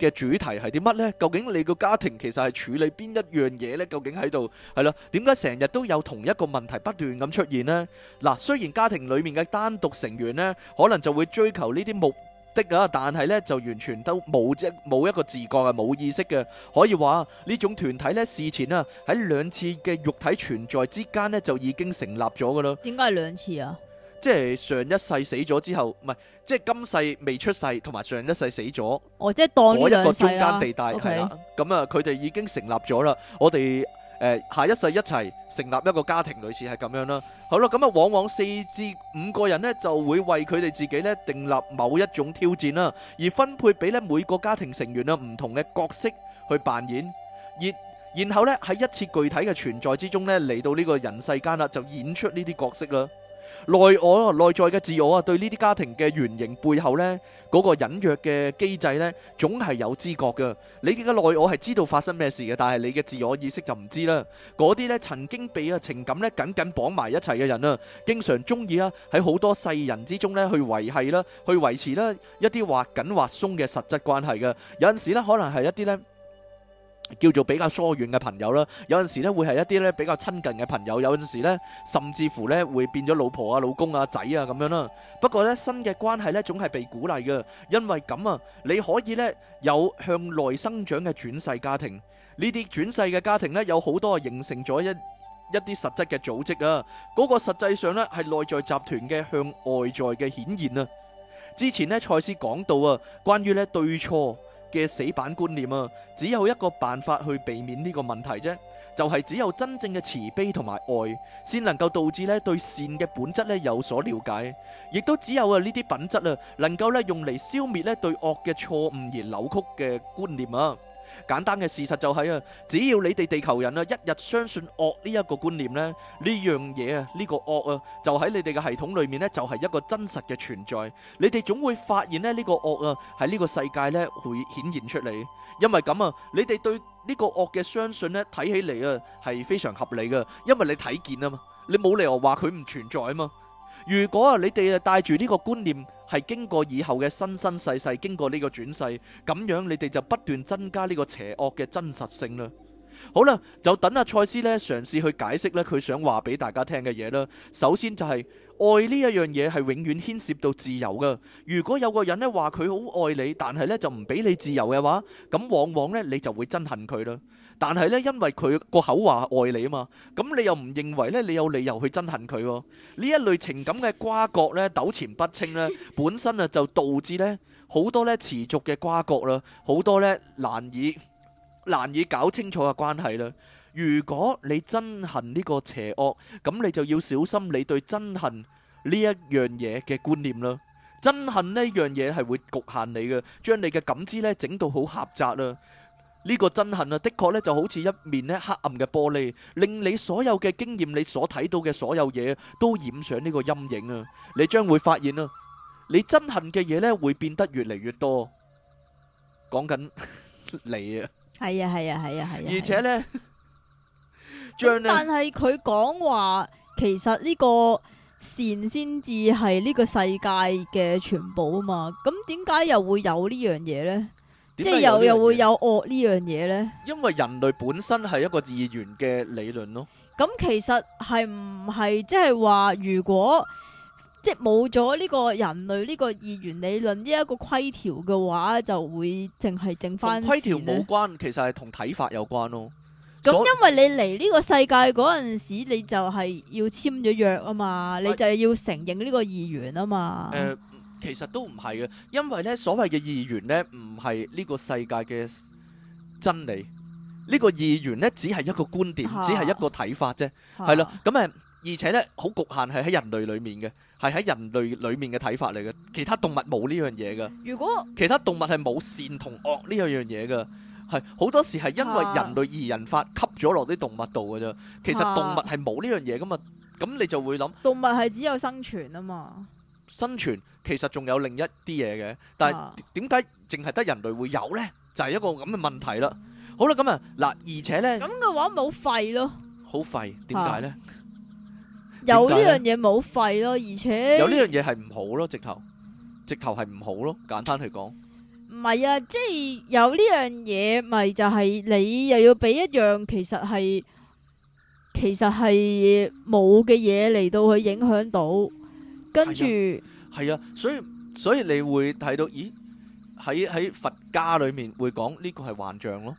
Speaker 2: 嘅主題係啲乜呢？究竟你個家庭其實係處理邊一樣嘢呢？究竟喺度係啦？點解成日都有同一個問題不斷咁出現呢？嗱，雖然家庭裏面嘅單獨成員呢，可能就會追求呢啲目的啊，但係呢就完全都冇即冇一個自覺啊，冇意識嘅。可以話呢種團體呢，事前啊喺兩次嘅肉體存在之間呢就已經成立咗噶囉。
Speaker 1: 點解係兩次啊？
Speaker 2: 即係上一世死咗之後，唔係即係今世未出世，同埋上一世死咗，
Speaker 1: 哦，即係當呢個中間地帶係啦。
Speaker 2: 咁啊，佢、okay、哋、嗯、已經成立咗啦。我哋誒、呃、下一世一齊成立一個家庭，類似係咁樣啦。好啦，咁、嗯、啊，往往四至五個人呢，就會為佢哋自己呢，訂立某一種挑戰啦，而分配俾呢每個家庭成員啊唔同嘅角色去扮演，而然後呢，喺一切具體嘅存在之中呢，嚟到呢個人世間啦，就演出呢啲角色啦。內我內在嘅自我啊，對呢啲家庭嘅原型背後呢，嗰個隱約嘅機制呢，總係有知覺嘅。你嘅內我係知道發生咩事嘅，但係你嘅自我意識就唔知啦。嗰啲咧曾經被啊情感咧緊緊綁埋一齊嘅人啊，經常中意啊喺好多世人之中呢去維繫啦，去維持啦一啲或緊或鬆嘅實質關係嘅。有陣時咧，可能係一啲呢。叫做比較疏遠嘅朋友啦，有陣時呢，會係一啲呢比較親近嘅朋友，有陣時呢，甚至乎呢，會變咗老婆啊、老公啊、仔啊咁樣啦。不過呢，新嘅關係呢，總係被鼓勵嘅，因為咁啊你可以呢，有向內生長嘅轉世家庭，呢啲轉世嘅家庭呢，有好多形成咗一一啲實質嘅組織啊，嗰個實際上呢，係內在集團嘅向外在嘅顯現啊。之前呢，賽斯講到啊，關於呢對錯。嘅死板觀念啊，只有一個辦法去避免呢個問題啫，就係、是、只有真正嘅慈悲同埋愛，先能夠導致咧對善嘅本質咧有所了解，亦都只有啊呢啲品質啊，能夠咧用嚟消滅咧對惡嘅錯誤而扭曲嘅觀念啊。簡單嘅事實就係、是、啊，只要你哋地球人啊，一日相信惡呢一個觀念咧，呢樣嘢啊，呢、這個惡啊，就喺你哋嘅系統裏面咧，就係一個真實嘅存在。你哋總會發現咧，呢個惡啊，喺呢個世界咧會顯現出嚟。因為咁啊，你哋對呢個惡嘅相信咧，睇起嚟啊係非常合理㗎，因為你睇見啊嘛，你冇理由話佢唔存在啊嘛。如果啊，你哋啊帶住呢個觀念，係經過以後嘅生生世世，經過呢個轉世，咁樣你哋就不斷增加呢個邪惡嘅真實性啦。好啦，就等阿賽斯咧，嘗試去解釋咧，佢想話俾大家聽嘅嘢啦。首先就係、是、愛呢一樣嘢係永遠牽涉到自由噶。如果有個人咧話佢好愛你，但係咧就唔俾你自由嘅話，咁往往咧你就會憎恨佢啦。但係咧因為佢個口話愛你啊嘛，咁你又唔認為咧你有理由去憎恨佢喎。呢一類情感嘅瓜葛咧糾纏不清咧，本身啊就導致咧好多咧持續嘅瓜葛啦，好多咧難以。難以搞清楚嘅關係啦。如果你憎恨呢個邪惡，咁你就要小心你對憎恨呢一樣嘢嘅觀念啦。憎恨呢樣嘢係會局限你嘅，將你嘅感知咧整到好狹窄啦。呢個憎恨啊，的確咧就好似一面咧黑暗嘅玻璃，令你所有嘅經驗，你所睇到嘅所有嘢都染上呢個陰影啊。你將會發現啊，你憎恨嘅嘢咧會變得越嚟越多。講緊你啊！
Speaker 1: 係啊係啊係啊係啊！啊啊啊而且咧， 將呢但係佢講話，其實呢個善先至係呢個世界嘅全部啊嘛。咁點解又會有呢樣嘢咧？即係又又會有惡呢樣嘢咧？
Speaker 2: 因為人類本身係一個二元嘅理論咯。
Speaker 1: 咁其實係唔係即係話如果？即係冇咗呢個人類呢個二元理論呢一個規條嘅話，就會淨係剩翻。規條冇
Speaker 2: 關，其實係同睇法有關咯。
Speaker 1: 咁所因為你嚟呢個世界嗰陣時，你就係要簽咗約啊嘛，你就係要承認呢個二元啊嘛。
Speaker 2: 誒、呃呃，其實都唔係嘅，因為咧所謂嘅二元咧，唔係呢個世界嘅真理，這個、議員呢個二元咧只係一個觀點，哈只係一個睇法啫，係咯哈，咁誒。嗯嗯而且咧，好局限係喺人類裏面嘅，係喺人類裏面嘅睇法嚟嘅。其他動物冇呢樣嘢噶，如果其他動物係冇善同惡呢樣嘢噶，係好多時係因為人類而引發，吸咗落啲動物度噶啫。其實動物係冇呢樣嘢噶嘛，咁你就會諗
Speaker 1: 動物係只有生存啊嘛，
Speaker 2: 生存其實仲有另一啲嘢嘅，但係點解淨係得人類會有咧？就係一個咁嘅問題啦。好啦，咁啊嗱，而且咧咁
Speaker 1: 嘅話冇廢咯，
Speaker 2: 好廢點解咧？有呢樣嘢
Speaker 1: 冇廢咯，而且有呢
Speaker 2: 樣嘢係唔好咯，直頭，直頭係唔好咯，簡單去講。
Speaker 1: 唔係啊，即係有呢樣嘢，咪就係你又要俾一樣，其實係其實係冇嘅嘢嚟到去影響到，跟住
Speaker 2: 係啊，啊，所以所以你會睇到，咦？喺喺佛家裏面會講呢個係幻象咯，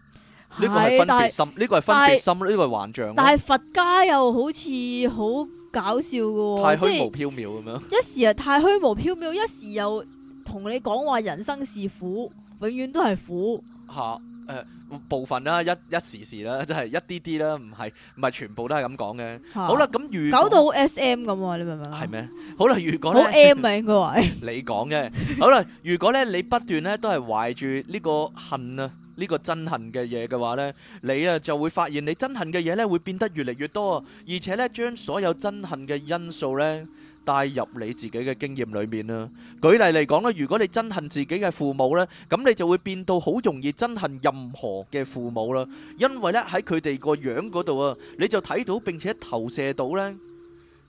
Speaker 2: 呢個係分別心，呢個係分別心，呢個係幻象。但係
Speaker 1: 佛家又好似好。搞笑嘅，太虛無縹
Speaker 2: 緲咁樣，即係
Speaker 1: 一時啊，太虛無縹緲；一時又同你講話人生是苦，永遠都係苦
Speaker 2: 吓。誒、啊呃，部分啦，一一時時啦，即係一啲啲啦，唔係唔係全部都係咁講嘅。啊、好啦，咁如搞到好
Speaker 1: S M 咁，你明唔明啊？係
Speaker 2: 咩？好啦，如果咧好 M， 好 M 名應該你講嘅。好啦，如果咧，你不斷咧都係懷住呢個恨啊。呢個憎恨嘅嘢嘅話呢，你啊就會發現你憎恨嘅嘢呢會變得越嚟越多，而且呢將所有憎恨嘅因素呢帶入你自己嘅經驗裏面啦。舉例嚟講啦，如果你憎恨自己嘅父母呢，咁你就會變到好容易憎恨任何嘅父母啦。因為呢喺佢哋個樣嗰度啊，你就睇到並且投射到呢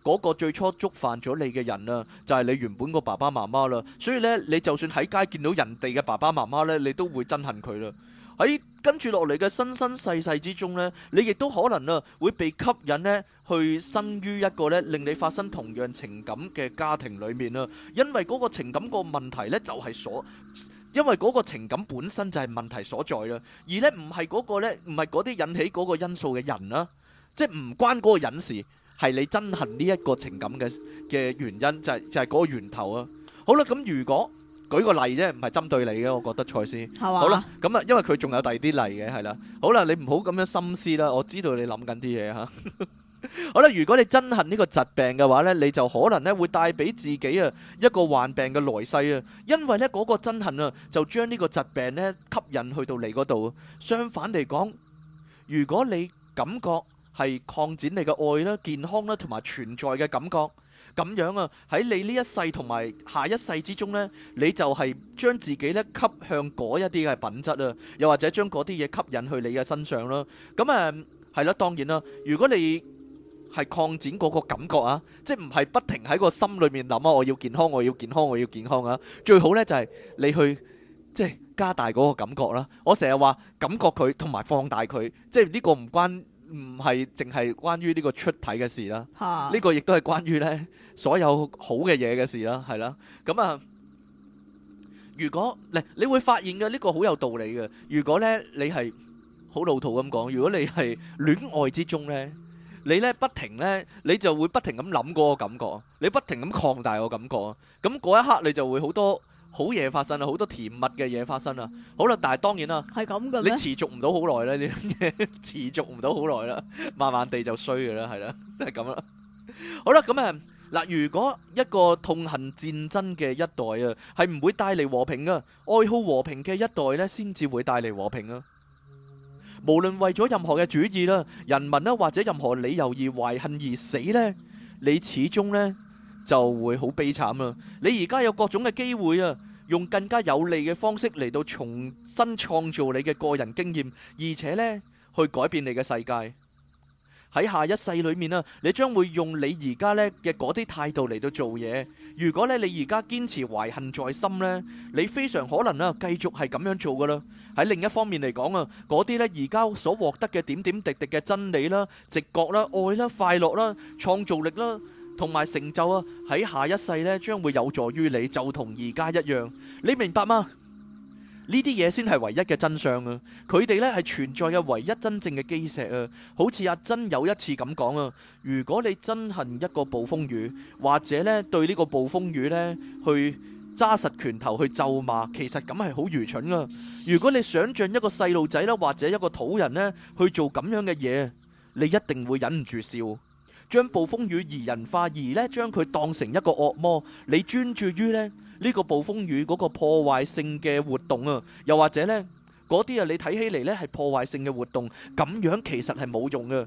Speaker 2: 嗰個最初觸犯咗你嘅人啊，就係你原本個爸爸媽媽啦。所以呢，你就算喺街見到人哋嘅爸爸媽媽呢，你都會憎恨佢啦。喺跟住落嚟嘅生生世世之中咧，你亦都可能啊會被吸引咧去生於一個咧令你發生同樣情感嘅家庭裏面啦。因為嗰個情感個問題咧就係所，因為嗰個情感本身就係問題所在啦。而咧唔係嗰個咧唔係嗰啲引起嗰個因素嘅人啦，即係唔關嗰個人事，係你憎恨呢一個情感嘅嘅原因，就係就係嗰個源頭啊。好啦，咁如果。舉個例啫，唔係針對你嘅，我覺得賽斯，係嘛？好啦，咁啊，因為佢仲有第二啲例嘅，係啦。好啦，你唔好咁樣深思啦，我知道你諗緊啲嘢吓。好啦，如果你憎恨呢個疾病嘅話咧，你就可能咧會帶俾自己啊一個患病嘅來世啊，因為咧嗰個憎恨啊就將呢個疾病咧吸引去到你嗰度。相反嚟講，如果你感覺係擴展你嘅愛啦、健康啦同埋存在嘅感覺。咁樣啊，喺你呢一世同埋下一世之中呢，你就係將自己呢吸向嗰一啲嘅品質啊，又或者將嗰啲嘢吸引去你嘅身上咯。咁誒係啦，當然啦。如果你係擴展嗰個感覺啊，即係唔係不停喺個心裏面諗啊，我要健康，我要健康，我要健康啊！最好呢就係你去即係加大嗰個感覺啦。我成日話感覺佢同埋放大佢，即係呢個唔關。唔係淨係關於呢個出體嘅事啦，呢個亦都係關於呢所有好嘅嘢嘅事啦，係啦。咁啊，如果嗱，你會發現嘅呢個好有道理嘅。如果呢你係好老土咁講，如果你係戀愛之中呢，你呢不停呢，你就會不停咁諗嗰個感覺，你不停咁擴大個感覺，咁嗰一刻你就會好多好嘢發生啦，好多甜蜜嘅嘢發生啦，好啦，但係當然啦，係
Speaker 1: 咁嘅，你持
Speaker 2: 續唔到好耐咧，呢樣嘢持續唔到好耐啦，慢慢地就衰噶啦，係啦，係咁啦，好啦，咁啊嗱，如果一個痛恨戰爭嘅一代啊，係唔會帶嚟和平噶，愛好和平嘅一代咧，先至會帶嚟和平啊，無論為咗任何嘅主義啦、人民啦或者任何理由而懷恨而死咧，你始終咧。就會好悲慘啊。你而家有各種嘅機會啊，用更加有利嘅方式嚟到重新創造你嘅個人經驗，而且呢，去改變你嘅世界。喺下一世裏面啊，你將會用你而家呢嘅嗰啲態度嚟到做嘢。如果咧你而家堅持懷恨在心呢，你非常可能啊繼續係咁樣做噶啦。喺另一方面嚟講啊，嗰啲呢而家所獲得嘅點點滴滴嘅真理啦、直覺啦、愛啦、快樂啦、創造力啦。同埋成就啊，喺下一世咧，將會有助於你，就同而家一樣，你明白嗎？呢啲嘢先係唯一嘅真相啊！佢哋咧係存在嘅唯一真正嘅基石啊！好似阿珍有一次咁講啊，如果你憎恨一個暴風雨，或者咧對呢個暴風雨咧去揸實拳頭去咒罵，其實咁係好愚蠢噶！如果你想象一個細路仔啦，或者一個土人咧去做咁樣嘅嘢，你一定會忍唔住笑。將暴風雨擬人化，而呢將佢當成一個惡魔。你專注於呢呢個暴風雨嗰個破壞性嘅活動啊，又或者呢嗰啲啊，你睇起嚟呢係破壞性嘅活動，咁樣其實係冇用嘅。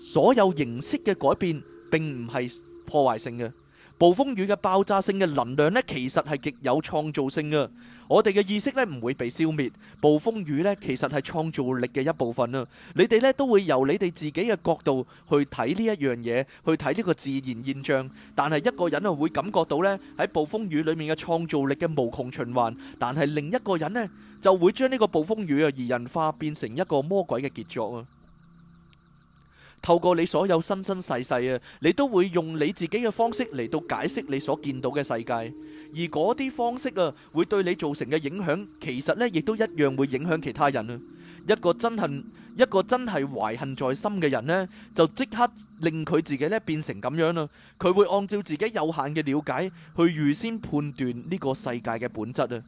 Speaker 2: 所有形式嘅改變，並唔係破壞性嘅。暴風雨嘅爆炸性嘅能量咧，其實係極有創造性嘅。我哋嘅意識咧唔會被消滅，暴風雨咧其實係創造力嘅一部分啦。你哋咧都會由你哋自己嘅角度去睇呢一樣嘢，去睇呢個自然現象。但係一個人啊會感覺到咧喺暴風雨裏面嘅創造力嘅無窮循環，但係另一個人咧就會將呢個暴風雨啊擬人化，變成一個魔鬼嘅傑作啊！透過你所有生生世世啊，你都會用你自己嘅方式嚟到解釋你所見到嘅世界，而嗰啲方式啊，會對你造成嘅影響，其實呢亦都一樣會影響其他人啊。一個真恨，一個真係懷恨在心嘅人呢，就即刻令佢自己咧變成咁樣啦。佢會按照自己有限嘅了解去預先判斷呢個世界嘅本質啊。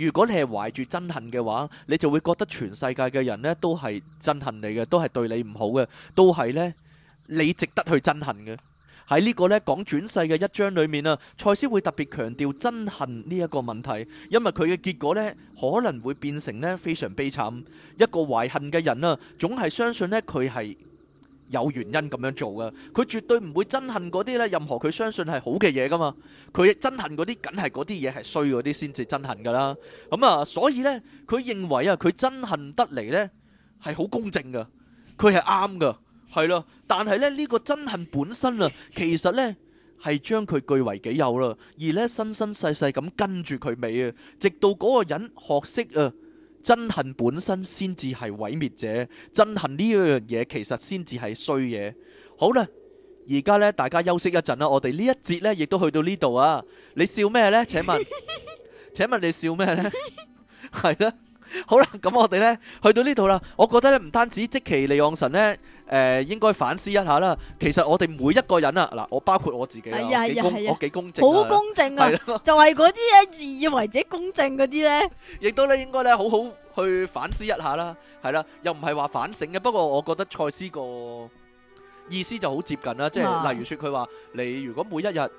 Speaker 2: 如果你係懷住憎恨嘅話，你就會覺得全世界嘅人呢都係憎恨你嘅，都係對你唔好嘅，都係呢你值得去憎恨嘅。喺呢個呢講轉世嘅一章裡面啊，賽斯會特別強調憎恨呢一個問題，因為佢嘅結果呢可能會變成呢非常悲慘。一個懷恨嘅人啊，總係相信呢佢係有原因咁樣做噶，佢絕對唔會憎恨嗰啲呢任何佢相信係好嘅嘢噶嘛。佢憎恨嗰啲，梗係嗰啲嘢係衰嗰啲先至憎恨噶啦。咁啊，所以呢，佢認為啊，佢憎恨得嚟呢係好公正噶，佢係啱噶，係咯。但係呢，呢個憎恨本身啊，其實呢係將佢據為己有啦，而呢，生生世世咁跟住佢尾啊，直到嗰個人學識啊。憎恨本身先至係毀滅者，憎恨呢樣嘢其實先至係衰嘢。好啦，而家呢，大家休息一陣啦，我哋呢一節呢，亦都去到呢度啊。你笑咩呢？請問， 請問你笑咩呢？係啦。 好啦，咁我哋呢，去到呢度啦，我覺得呢，唔單止即其利昂神呢，誒、呃、應該反思一下啦。其實我哋每一個人啊，嗱，我包括我自己，哎、呀我幾公，正、哎呀，好公正啊，正啊
Speaker 1: 就係嗰啲呢自以為自己公正嗰啲呢，
Speaker 2: 亦 都呢應該呢好好去反思一下啦。係啦，又唔係話反省嘅，不過我覺得賽斯個意思就好接近啦。啊、即係例如說，說，佢話你如果每一日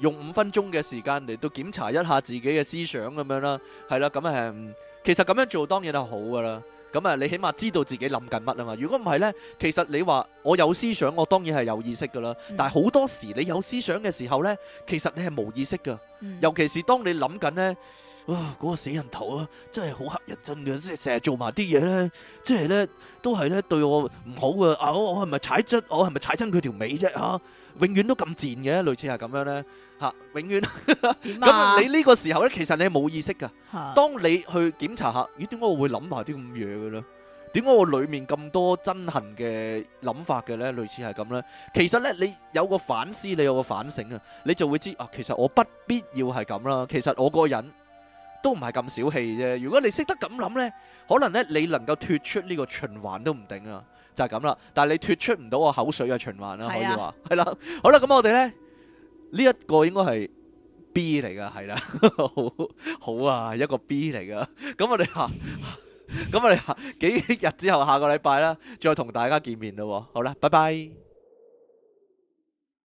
Speaker 2: 用五分鐘嘅時間嚟到檢查一下自己嘅思想咁樣啦，係啦，咁、嗯、係。嗯其實咁樣做當然係好噶啦，咁啊你起碼知道自己諗緊乜啊嘛。如果唔係呢，其實你話我有思想，我當然係有意識噶啦。嗯、但係好多時你有思想嘅時候呢，其實你係冇意識噶，嗯、尤其是當你諗緊呢。嗰個死人頭啊，真係好黑人憎嘅，即係成日做埋啲嘢咧，即係咧都係咧對我唔好嘅。啊，我我係咪踩質？我係咪踩親佢條尾啫？嚇，永遠都咁賤嘅，類似係咁樣咧嚇。永遠咁你呢個時候咧，其實你係冇意識噶。當你去檢查下，咦？點解我會諗埋啲咁嘢嘅咧？點解我裡面咁多憎恨嘅諗法嘅咧？類似係咁咧。其實咧，你有個反思，你有個反省啊，你就會知啊。其實我不必要係咁啦。其實我個人。都唔係咁小氣啫，如果你識得咁諗呢，可能呢，你能夠脫出呢個循環都唔定，就是，啊，就係咁啦。但係你脫出唔到我口水嘅循環啦，可以話係啦。好啦，咁我哋呢，呢、這、一個應該係 B 嚟噶，係啦，好好啊，一個 B 嚟噶。咁我哋下，咁 我哋下幾日之後下個禮拜啦，再同大家見面咯。好啦，拜拜。